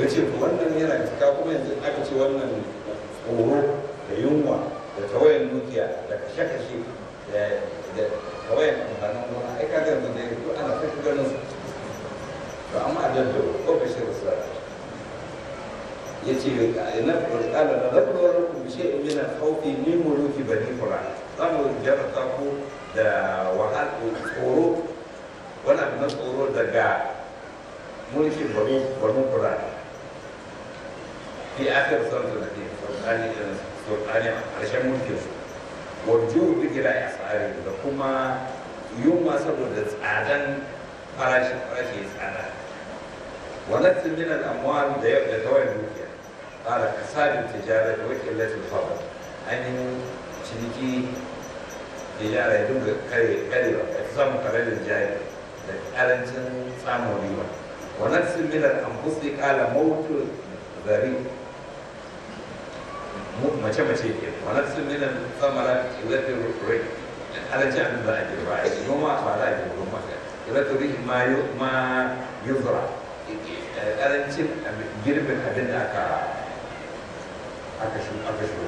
ya ce wannan yana cika kuma yanzu aka ce wannan tsoro da yunwa da tawayan dukiya da kashe-kashe da tawayan amfanin gona ai kaga yanzu da duk ana ta shigar nan to amma a jaddo ko bashir sa ya ce na ƙala na zaɓuwar kumshe in yana haufi ni muluki bani kura za mu jarata ku da wahal tsoro wani abin tsoro daga mulkin bani kura في اخر صلاه الاخير فقال لي علشان ممكن وجو بجلاء اسعاري لكما يوم ما صبر اذن فراش فراش يسعد ونفس من الاموال لتوعد بك قال كساب التجاره وكلة الفضل ان تشريكي تجاره يدوم قريبه اعتصام قبل الجاهل لكارنتن صاموا ليوان ونفس من الانفس قال موت ذريب mace mace ke wala sun nuna tsamara ilata rai alaji an za a je ba yi noma ba za a je noma ga ilata rai ma ma zura eh, ƙarancin girbin abin da aka aka shi aka shi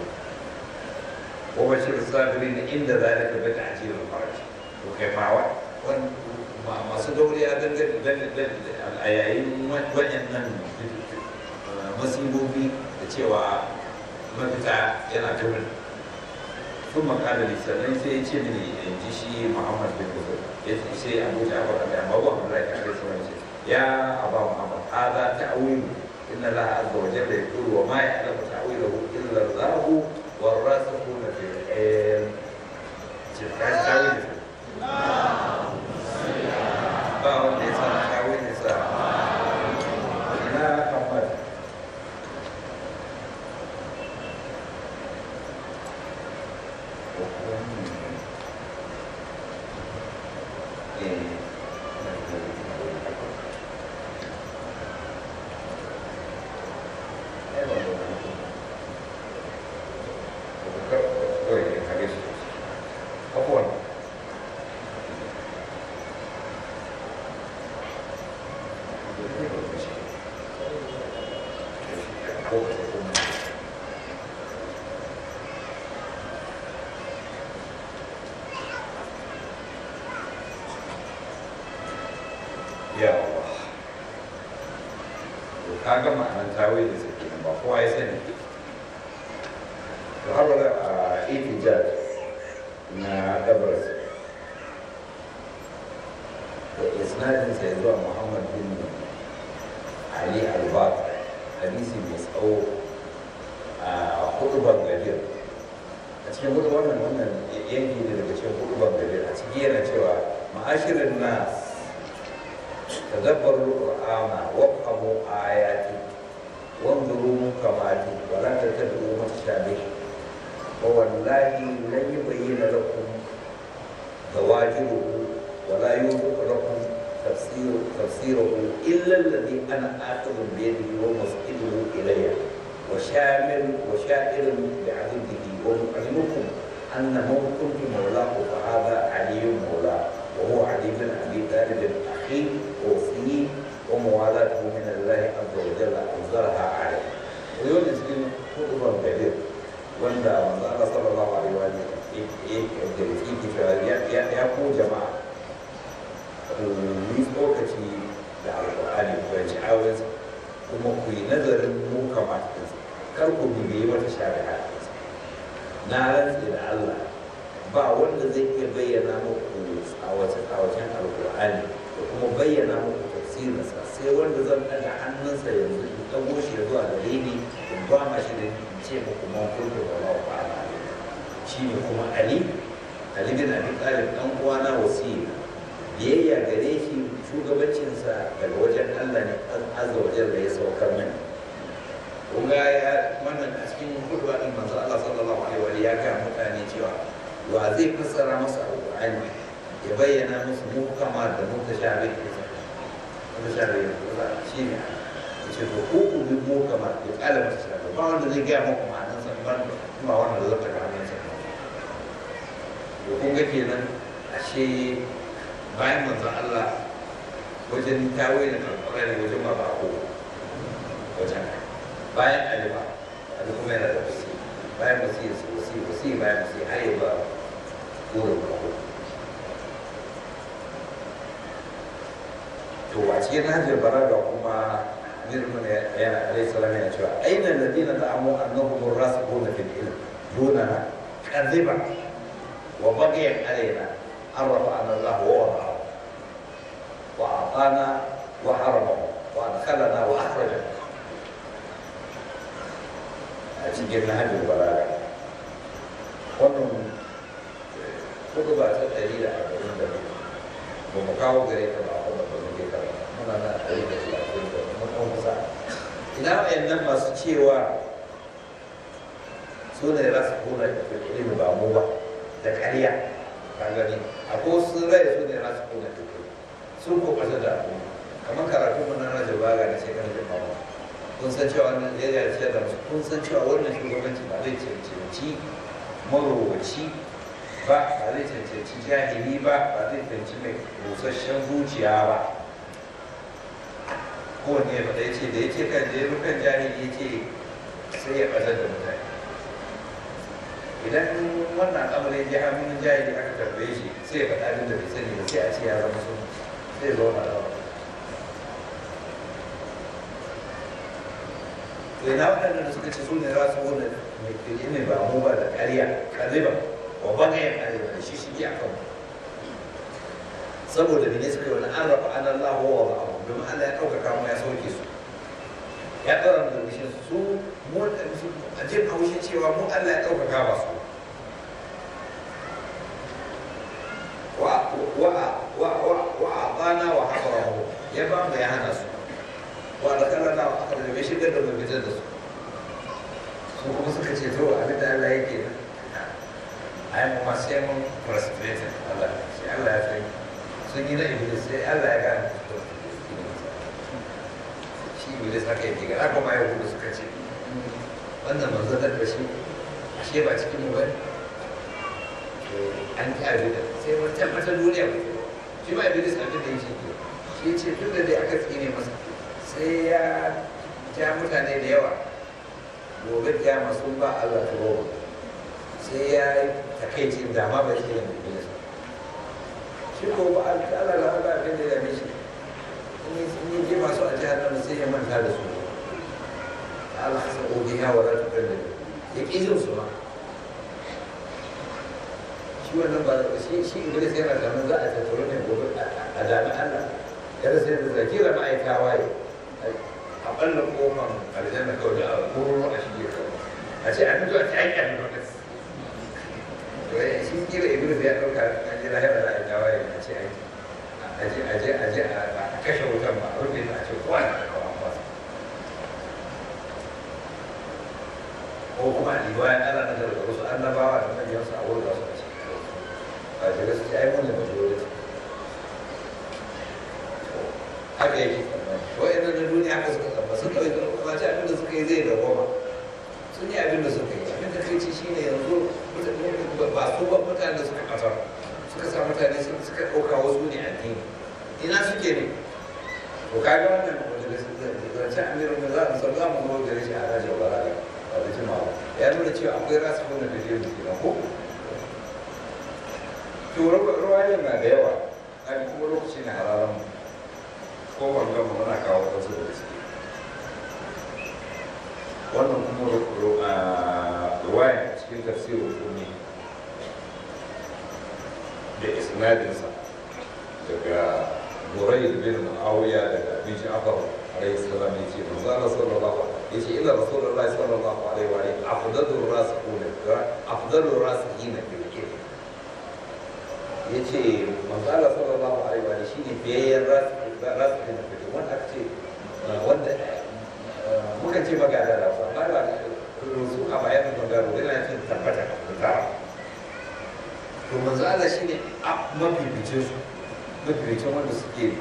ko wa bashir na inda za zalika bi ta'jil al farashi ko kai ma wa masu dauriya dangane a yayin wajen waɗannan eh, musibobi da cewa mafita yana jimla sun makala da sannan sai ya ce mini in ji shi muhammad bin musul ya ce sai abu ja'far a dama wa abdullahi ta alaihi salam ce ya aba muhammad hada ta'wilu inna la azza wa jalla yaqulu wa ma ya'lamu ta'wilahu illa allah wa ar-rasikhuna fil ilm ce ta ta'wilu na Everest da isnadinsa ya zuwa Muhammad bin Ali Albat hadisi mai tsawo a hudubar gajiyar a cikin hudu wannan wannan yanki ne daga cikin hudubar gajiyar a ciki yana cewa ma'ashirin nas rumun القرآن وافهموا آياته وانظروا مكماته ولا تتبعوا متشابه wallahi lan yubayyana lakum zawajiruhu wa la yunfiq lakum tafsiru tafsiruhu illa alladhi ana atuhu bi yadihi wa musqiluhu ilayya wa shamil wa مولاه فهذا علي مولاه وهو علي بن أبي طالب أخي وفيه وموالاته من الله عز وجل أنزلها عليه ويونس بن خطبا wanda manzo Allah sallallahu alaihi wa sallam ya ya ko jama'a ni tsokaci da alƙur'ani ku yanci awaz kuma ku yi nazarin mu kamata kar ku bibiyi wata shari'a na rantsi da Allah ba wanda zai iya bayyana muku wajen alƙur'ani da kuma bayyana muku tafsirinsa sai wanda zan ɗaga hannunsa yanzu in ɗago shi zuwa gare ni in ba ma shi da ce ba kuma kullu wa ma ba shi ne kuma ali ali bin abi talib dan uwa na wasi biyayya gare shi shugabancinsa daga wajen Allah ne an azza wajen da ya saukar mani? kun ga ya wannan a cikin hudu din manzo Allah sallallahu alaihi wa ya ga mutane cewa wa zai fassara masa alqur'ani ya bayyana musu mu kama da mutashabihi shi ne ce to ko ku bi kamar da kalmar sa ba wanda zai gaya muku ma'anar sa ban kuma wanda zai ta ma'anar sa to kun ga kenan ashe bayan manzon Allah wajen tawilin alƙur'ani wajen ma ba ko wajen bayan alifa da kuma yana da wasi bayan ya wasi wasi bayan ba burin ba ko to a cikin hajjar bara kuma يا عليه السلام يا أين الذين زعموا أنهم الراسخون في العلم دوننا كذبا وبقي علينا أن رفعنا الله ووضعه وأعطانا وحرمه وأدخلنا وأخرجنا أتجي هذه البلاغة ومن خطبة تدريل أربعين دقيقة ومقاومة قريبة مع خطبة مجيئة منا أن hausa ina wayannan masu cewa su ne za su kula da ilimi ba mu ba da karya ba gani akwai su rai su ne za su kula da sun kokwata da abu kamar karatun mu na rajaba ga da shekarar da kawo kun san cewa wannan ya ya ce da su kun san cewa wannan shugabanci ba zai cancanci marowaci ba ba zai cancanci jahili ba ba zai cancanci mai rusasshen zuciya ba kowanne ya faɗa ce da ya ce kan jeru kan ya ce sai ya mutane idan wannan aka tambaye shi sai ya da bai sani sai a ce ya zama sun sai sai na waɗanda suka ce mai ne ba ba da da saboda wa domin Allah ya ɗaukaka mu ya sauke su ya ɗaura mu daushin su mu a jin haushin cewa mu Allah ya ɗaukaka ba su wa a bana wa haɓarahu ya ba mu ya hana su wa da karrata wa aka da shigar da mu fitar da su su kuma suka ce to abin da Allah yake nan a yi ma sai mun frustrated Allah sai Allah ya sani sun yi na iblis sai Allah ya gane shi iblis haka yake ga haka ma yahudu suka ce wannan manzo da shi ashe ba cikin mu bane an ji abin da sai wani tabbatar duniya ba shi ma iblis abin da yake shi ce duk da dai aka tsine sai ya ja mutane da yawa gobe kiyama sun ba Allah sai ya yi dama ba shi ne iblis shi ko ba Allah da ya ya je masu a jihar nan sai ya manta da su Allah sa obi ya wara ta kan ya ƙi jin su ba shi wannan ba shi shi iblis sai da nan za a tattaro ne gobe a dami Allah kada sai da zakira ma'aikawa ne a ɓallan kofan aljanna kawai da a kororo a shige kawai a ce a fito a ci aiki a lokaci to eh, shi kira iblis ya ɗauka an ji lahira da aikawa ya ce aiki a je a je a je a kashe wutan ba a rufe ta a ce kowa na da kawan ba ko kuma a liwa ya ana na daga wasu annabawa da manyansu a wurin wasu a cikin ba da gaskiya ai mun da majority haka yake duniya haka suka zama sun kawai ce abinda suka yi zai sun yi abinda suka yi abinda kai yanzu ba su ba mutane suka kasar suka sa mutane suka ɗauka wasu ne addini ina suke ne to ga wannan zancen amirin da za a san za mu zo da rashin harajin balaga a da jimawa ya nuna cewa akwai rasu kuna da jiya musu ko to ne na da yawa a kuma lokaci na halalan ko wanda mu muna kawo wasu da suke wannan kuma ruwaye cikin tafsirin ne. da isnadinsa daga burai bin ma'awiya daga abin ja'afar alaihi salam ya ce manzo Allah sallallahu alaihi ya ce ila rasulullahi sallallahu alaihi wa alihi afdalur rasikhuna afdalur rasikhina fil ilm ya ce manzo Allah sallallahu alaihi wa alihi shine biyayyen rasikhina fil ilm wanda ce wanda muka ce magana da su amma da su a bayan magana yana cin tabbata to manzo Allah shine mafificin su mafificin wanda suke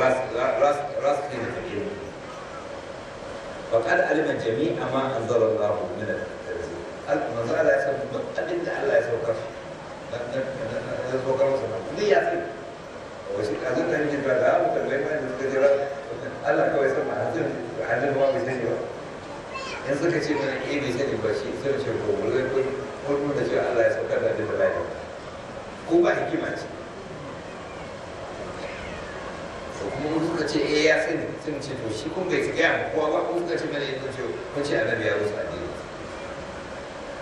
rasu ne an zara Allah manzo Allah ya san abin da Allah ya saukar ya saukar masa ya kazan ba da da da Allah kawai bai sani ba ce mana eh bai sani ba shi sai ce ko ko mun da cewa Allah ya saukar da abin da bai ko ba hikima ce to kuma mun suka ce eh ya sani sun ce to shi kun bai gaya ko ba kun suka ce mana yanzu ce kun ce annabi ya rusa ne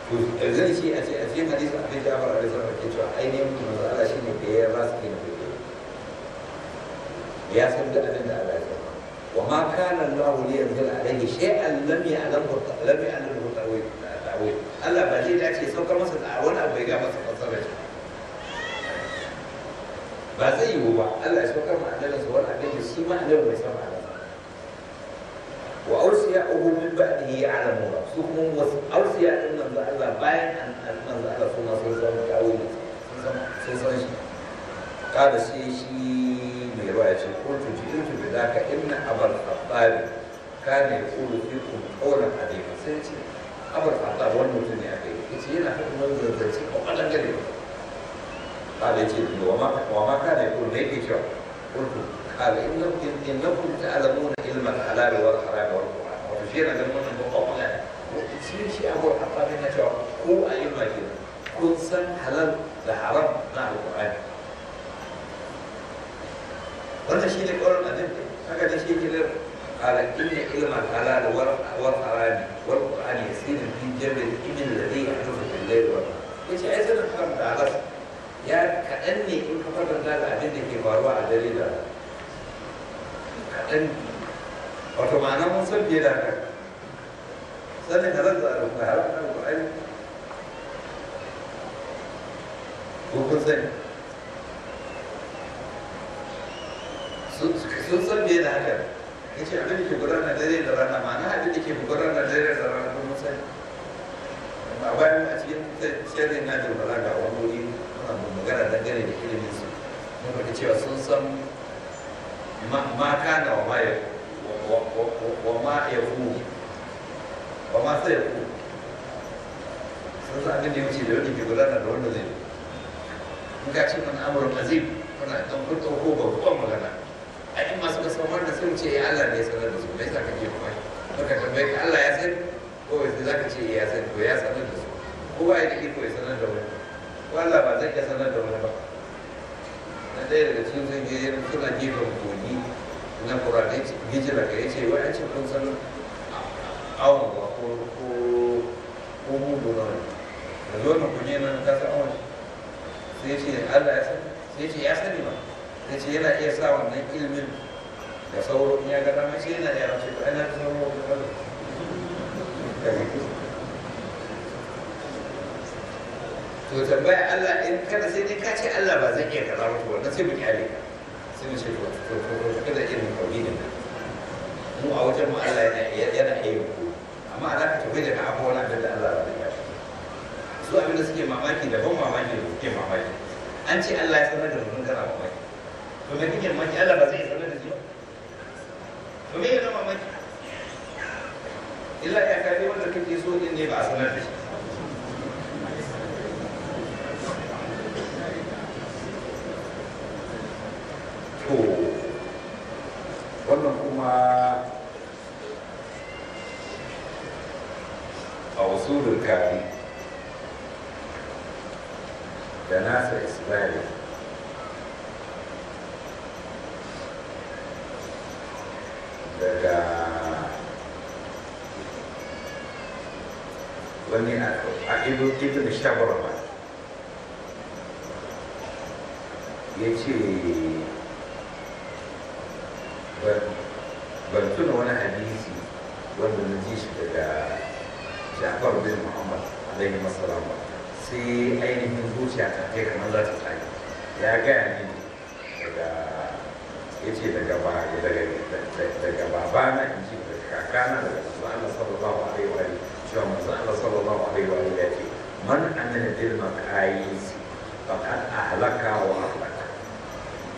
to zai ce a ce a cikin hadisi abin da fara da sarrafa ke cewa mun manzo Allah shine da ya ba su ke ne ya san da abin da Allah ya san wa ma kana Allah li yanzil alayhi shay'an lam ya'lamhu lam ya'lamhu ta'wil Allah ba zai dace saukar masa da wani abu ya ga masa fasara ba zai yiwu ba Allah ya saukar ma ya sa wannan annabi shi ma annabi bai san ma'anar wa ursiya uhu min ba'dihi ala mura su kuma wasu ursiya din manzo Allah bayan an manzo Allah su ma sun san ta'awili sun san shi kada sai shi mai ruwa ya ce kuntu jitu bi zaka inna abal khattab kana yaqulu fikum qawlan adima sai ce abal khattab wannan mutum ne aka yi yace yana faɗin wannan zance ko kadan gare ba قال جد وما وما كان يقول ليك شو قلت قال انكم انكم تعلمون علم الحلال والحرام والقران وتجينا لمن المطمئن وتصير شيء ابو الحطاب هنا شو هو علم كده كل سن حلال لحرام مع القران وانا شيء يقول قول ما هكذا شيء يقول قال ان علم الحلال والحرام والقران يسير في جبل ابن الذي يحدث في الليل والنهار ايش عايز الحرام تعرفه ya kaɗan ne in ka kwatanta da abin da ke faruwa a dare da kaɗan wato ma'ana mun san fiye da haka sannan ka zanta da kuma har kan ƙwari ko kun sani sun san fiye da haka ya ce abin da ke da dare da rana ma'ana abin da ke da dare da rana kuma sani a bayan a cikin tsarin na jin ga wani wuri suna magana dangane da ilimin su na faɗi cewa sun san ma kana wa ma ya wa ma ya fu wa ma sai ya fu sun san abin da ya wuce da wani ke na da wanda zai mun ka ce mana amurin azim kana kan fito ko babban magana a in masu ka samar da sun ce ya eh, Allah ne ya sanar da su me yasa kake kuma baka tambaye ka Allah ya san ko sai zaka ce eh, ya san to ya sanar da su kowa ya da iko ya sanar da wani Wala ba zai iya sanar da wani ba na ɗaya daga cikin zangiyoyin suna gefen kogi na kurane gijira ga ya ce wa yancin ce kun san awon ba ko ko mudu na wani da zo na kuje nan ka san awon sai ce allah ya san sai ce ya sani ba sai ce yana iya sa wannan ilimin da sauro in ya ga dama shi yana iya rashin ba ina da sauro da wani to tambaya Allah in kada sai dai ka ce Allah ba zan iya kaza muku wannan sai mu kyale ka sai mu ce to to kada irin tauhidin nan mu a wajen mu Allah yana yana iya ku amma a ka tafi da abu wani abin da Allah ba zai iya su abin da suke mamaki da ban mamaki da suke mamaki an ce Allah ya sanar da mutum kana mamaki to me kake mamaki Allah ba zai sanar da shi ba to me yana mamaki illa ya kai wanda kake so din ne ba a sanar da shi Rasulul Karim Janasa Ismail Dekat Ini aku Akibu kita nishtabur Ini Ini alaihi wasallam sai ainihin zuciya ta kai kamar za ta ya gaya ni daga ya ce daga ba daga baba na in ji daga daga wa cewa ya ce man amina bil wa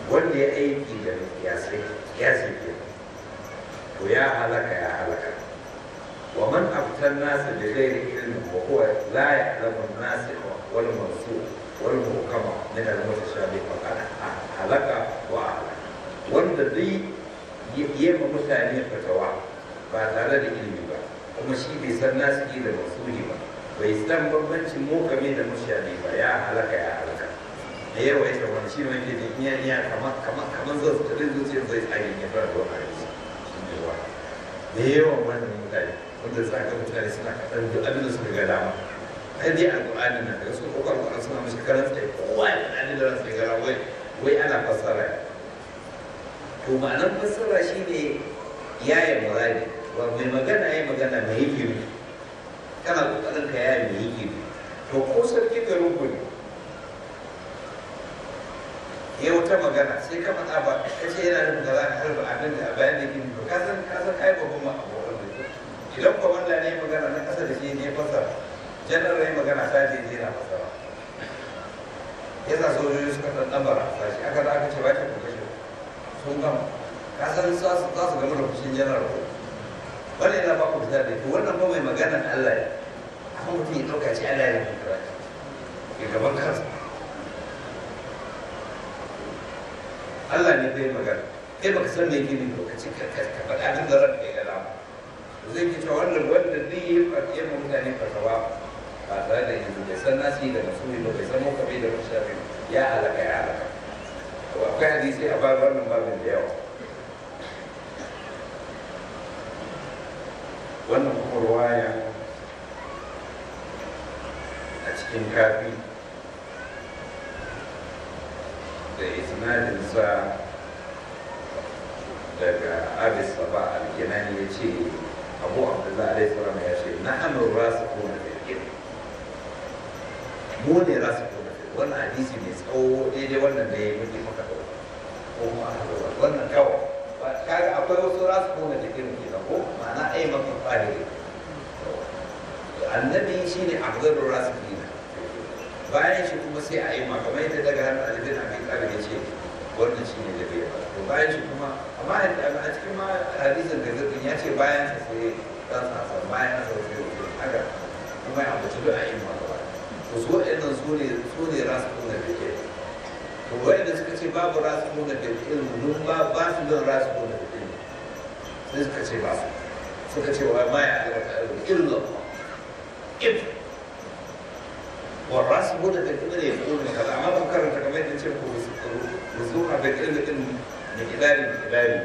wanda ya aiki da kiyasai to ya halaka ya halaka wa man nasa da gairi وهو لا يعلم الناسخ والمنسوخ والمحكم من المتشابه فقد هلك وأهلك wanda dai yi ma mutane fatawa ba tare da ilimi ba kuma shi bai san nasiki da masuri ba bai san bambancin mokame da mushani ba ya halaka ya halaka da yawa ya wani shi ma ke da iya iya kamar kamar kamar zai su yawan wannan mutane wanda za ka mutane suna kaɗan duk abin da suka ga dama sai dai alƙur'ani na daga sun ƙoƙar ƙwarar suna mashi karanta kowa ya faɗa abin da za su ga wai wai ana fassara to ma'anar fassara shi ya yi muradi wa mai magana ya magana mai yi kana ƙoƙarin ka yi mai yi to ko sarki ga ku ne ya wata magana sai ka faɗa ba ka yana da za har harba abin da a bayan da ke ka san ka san kai babban abu idan ko wanda ne magana na kasa da shi ne fasara janar rai magana sashi ne na fasara yasa sojoji suka ɗan ɗambara sashi aka da aka ce ba ta kuma shi sun gama kasan za su gama da fushin janar ko wanda yana ba ku fita da wannan ba mai da allah ya amma mutum ya ɗauka ce allah ya kira ya gaban kansa Allah ne zai magana kai baka san me yake ne lokaci ka faɗa duk da ranka ya ga zai ke cewa wannan wanda duk yi ya ma mutane fatawa ba tare da yanzu bai san nasi da masuni ba bai san muka bai da mashafi ya alaka ya halaka to akwai hadisi a ba wannan babin da yawa wannan kuma ruwaya a cikin kafi da sa daga abis ba al-kinani ya ce abu abdullah alaihi salam ya ce nahnu rasikhuna fil ilm mu ne rasikhuna fil wannan hadisi mai tsawo daidai wannan da ya muke maka da ko ma wannan kawai kaga akwai wasu rasikhuna fil ilm ke ko ma'ana ai maka fadi annabi shine afdalur rasikhina bayan shi kuma sai a yi makamai da daga hannun alibin abin kabin ya ce wannan shine da bai ba amma a cikin ma hadisin da zirgin ya ce bayan sa sai ɗan sa bayan sa sai zirgin haka kuma ya ambaci a yin to su waɗannan su ne su ne rasu kuna fiye to waɗanda suka ce babu rasu kuna fiye ilmi nun ba ba su don rasu kuna fiye ilmi sai suka ce ba suka ce wa ma ya alaƙa ilmi if والراس هنا في الإبل يقول لك أما ممكن تكمل a وزوها بالإبل da kirari da kirari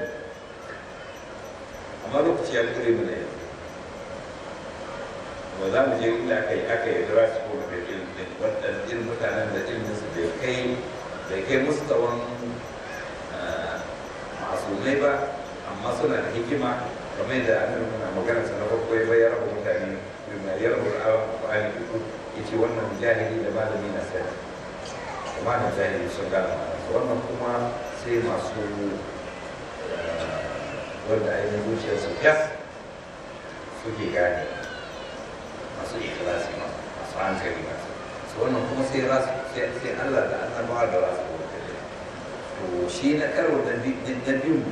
amma lokaci ya kure mana yanzu ba za mu je inda aka yi aka yi dora su kuma da ilimin wadanda irin mutanen da ilimin bai kai bai kai musu tsawon masu ah, masumai ba amma suna da hikima kamar da an nuna magana sa na farko ya bayar da mutane na yarbu al'awa ƙwani uku ya ce wannan jahili da malami na sani kuma na jahili sun gana wannan kuma sai masu eh, wanda ainihin zuciya su fes suke gane masu ikilasi masu hankali masu su wannan kuma sai rasu sai allah da zama da rasu to shi na karo na biyun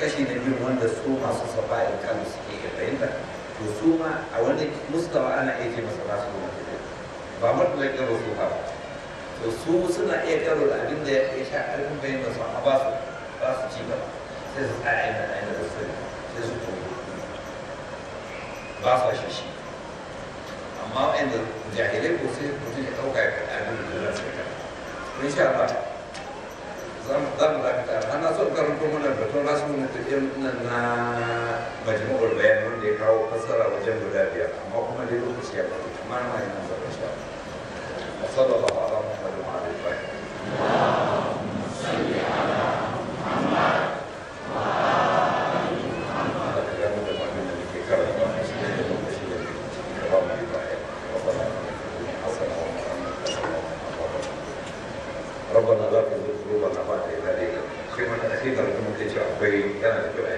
kashi na biyun wanda su masu safa'in kanu suke fahimta to su ma a wani mustawa ana iya ce masa rasu ba mutlaka rasu ba to su suna iya karo da abin da ya sha ƙarfin bayan da su ba su ba su ci gaba sai su tsaya da ainihin da su sai su koyi ba su shi shi amma da jahilai ko sai mutum ya ɗauka ya faɗa abin da zai sai ka in sha ba za mu za mu dakata ana so karanto da batun rasu mun tafiya nan na majmu'ul bayan wanda ya kawo fassara wajen guda biyar amma kuma dai lokaci ya ba amma na yana ba وصلى الله على محمد وعلى اله اللهم صل على محمد وعلى محمد اللهم صل على محمد ربنا لا تزغ قلوبنا بعد إذ هديتنا وهب لنا من لدنك رحمة إنك أنت الوهاب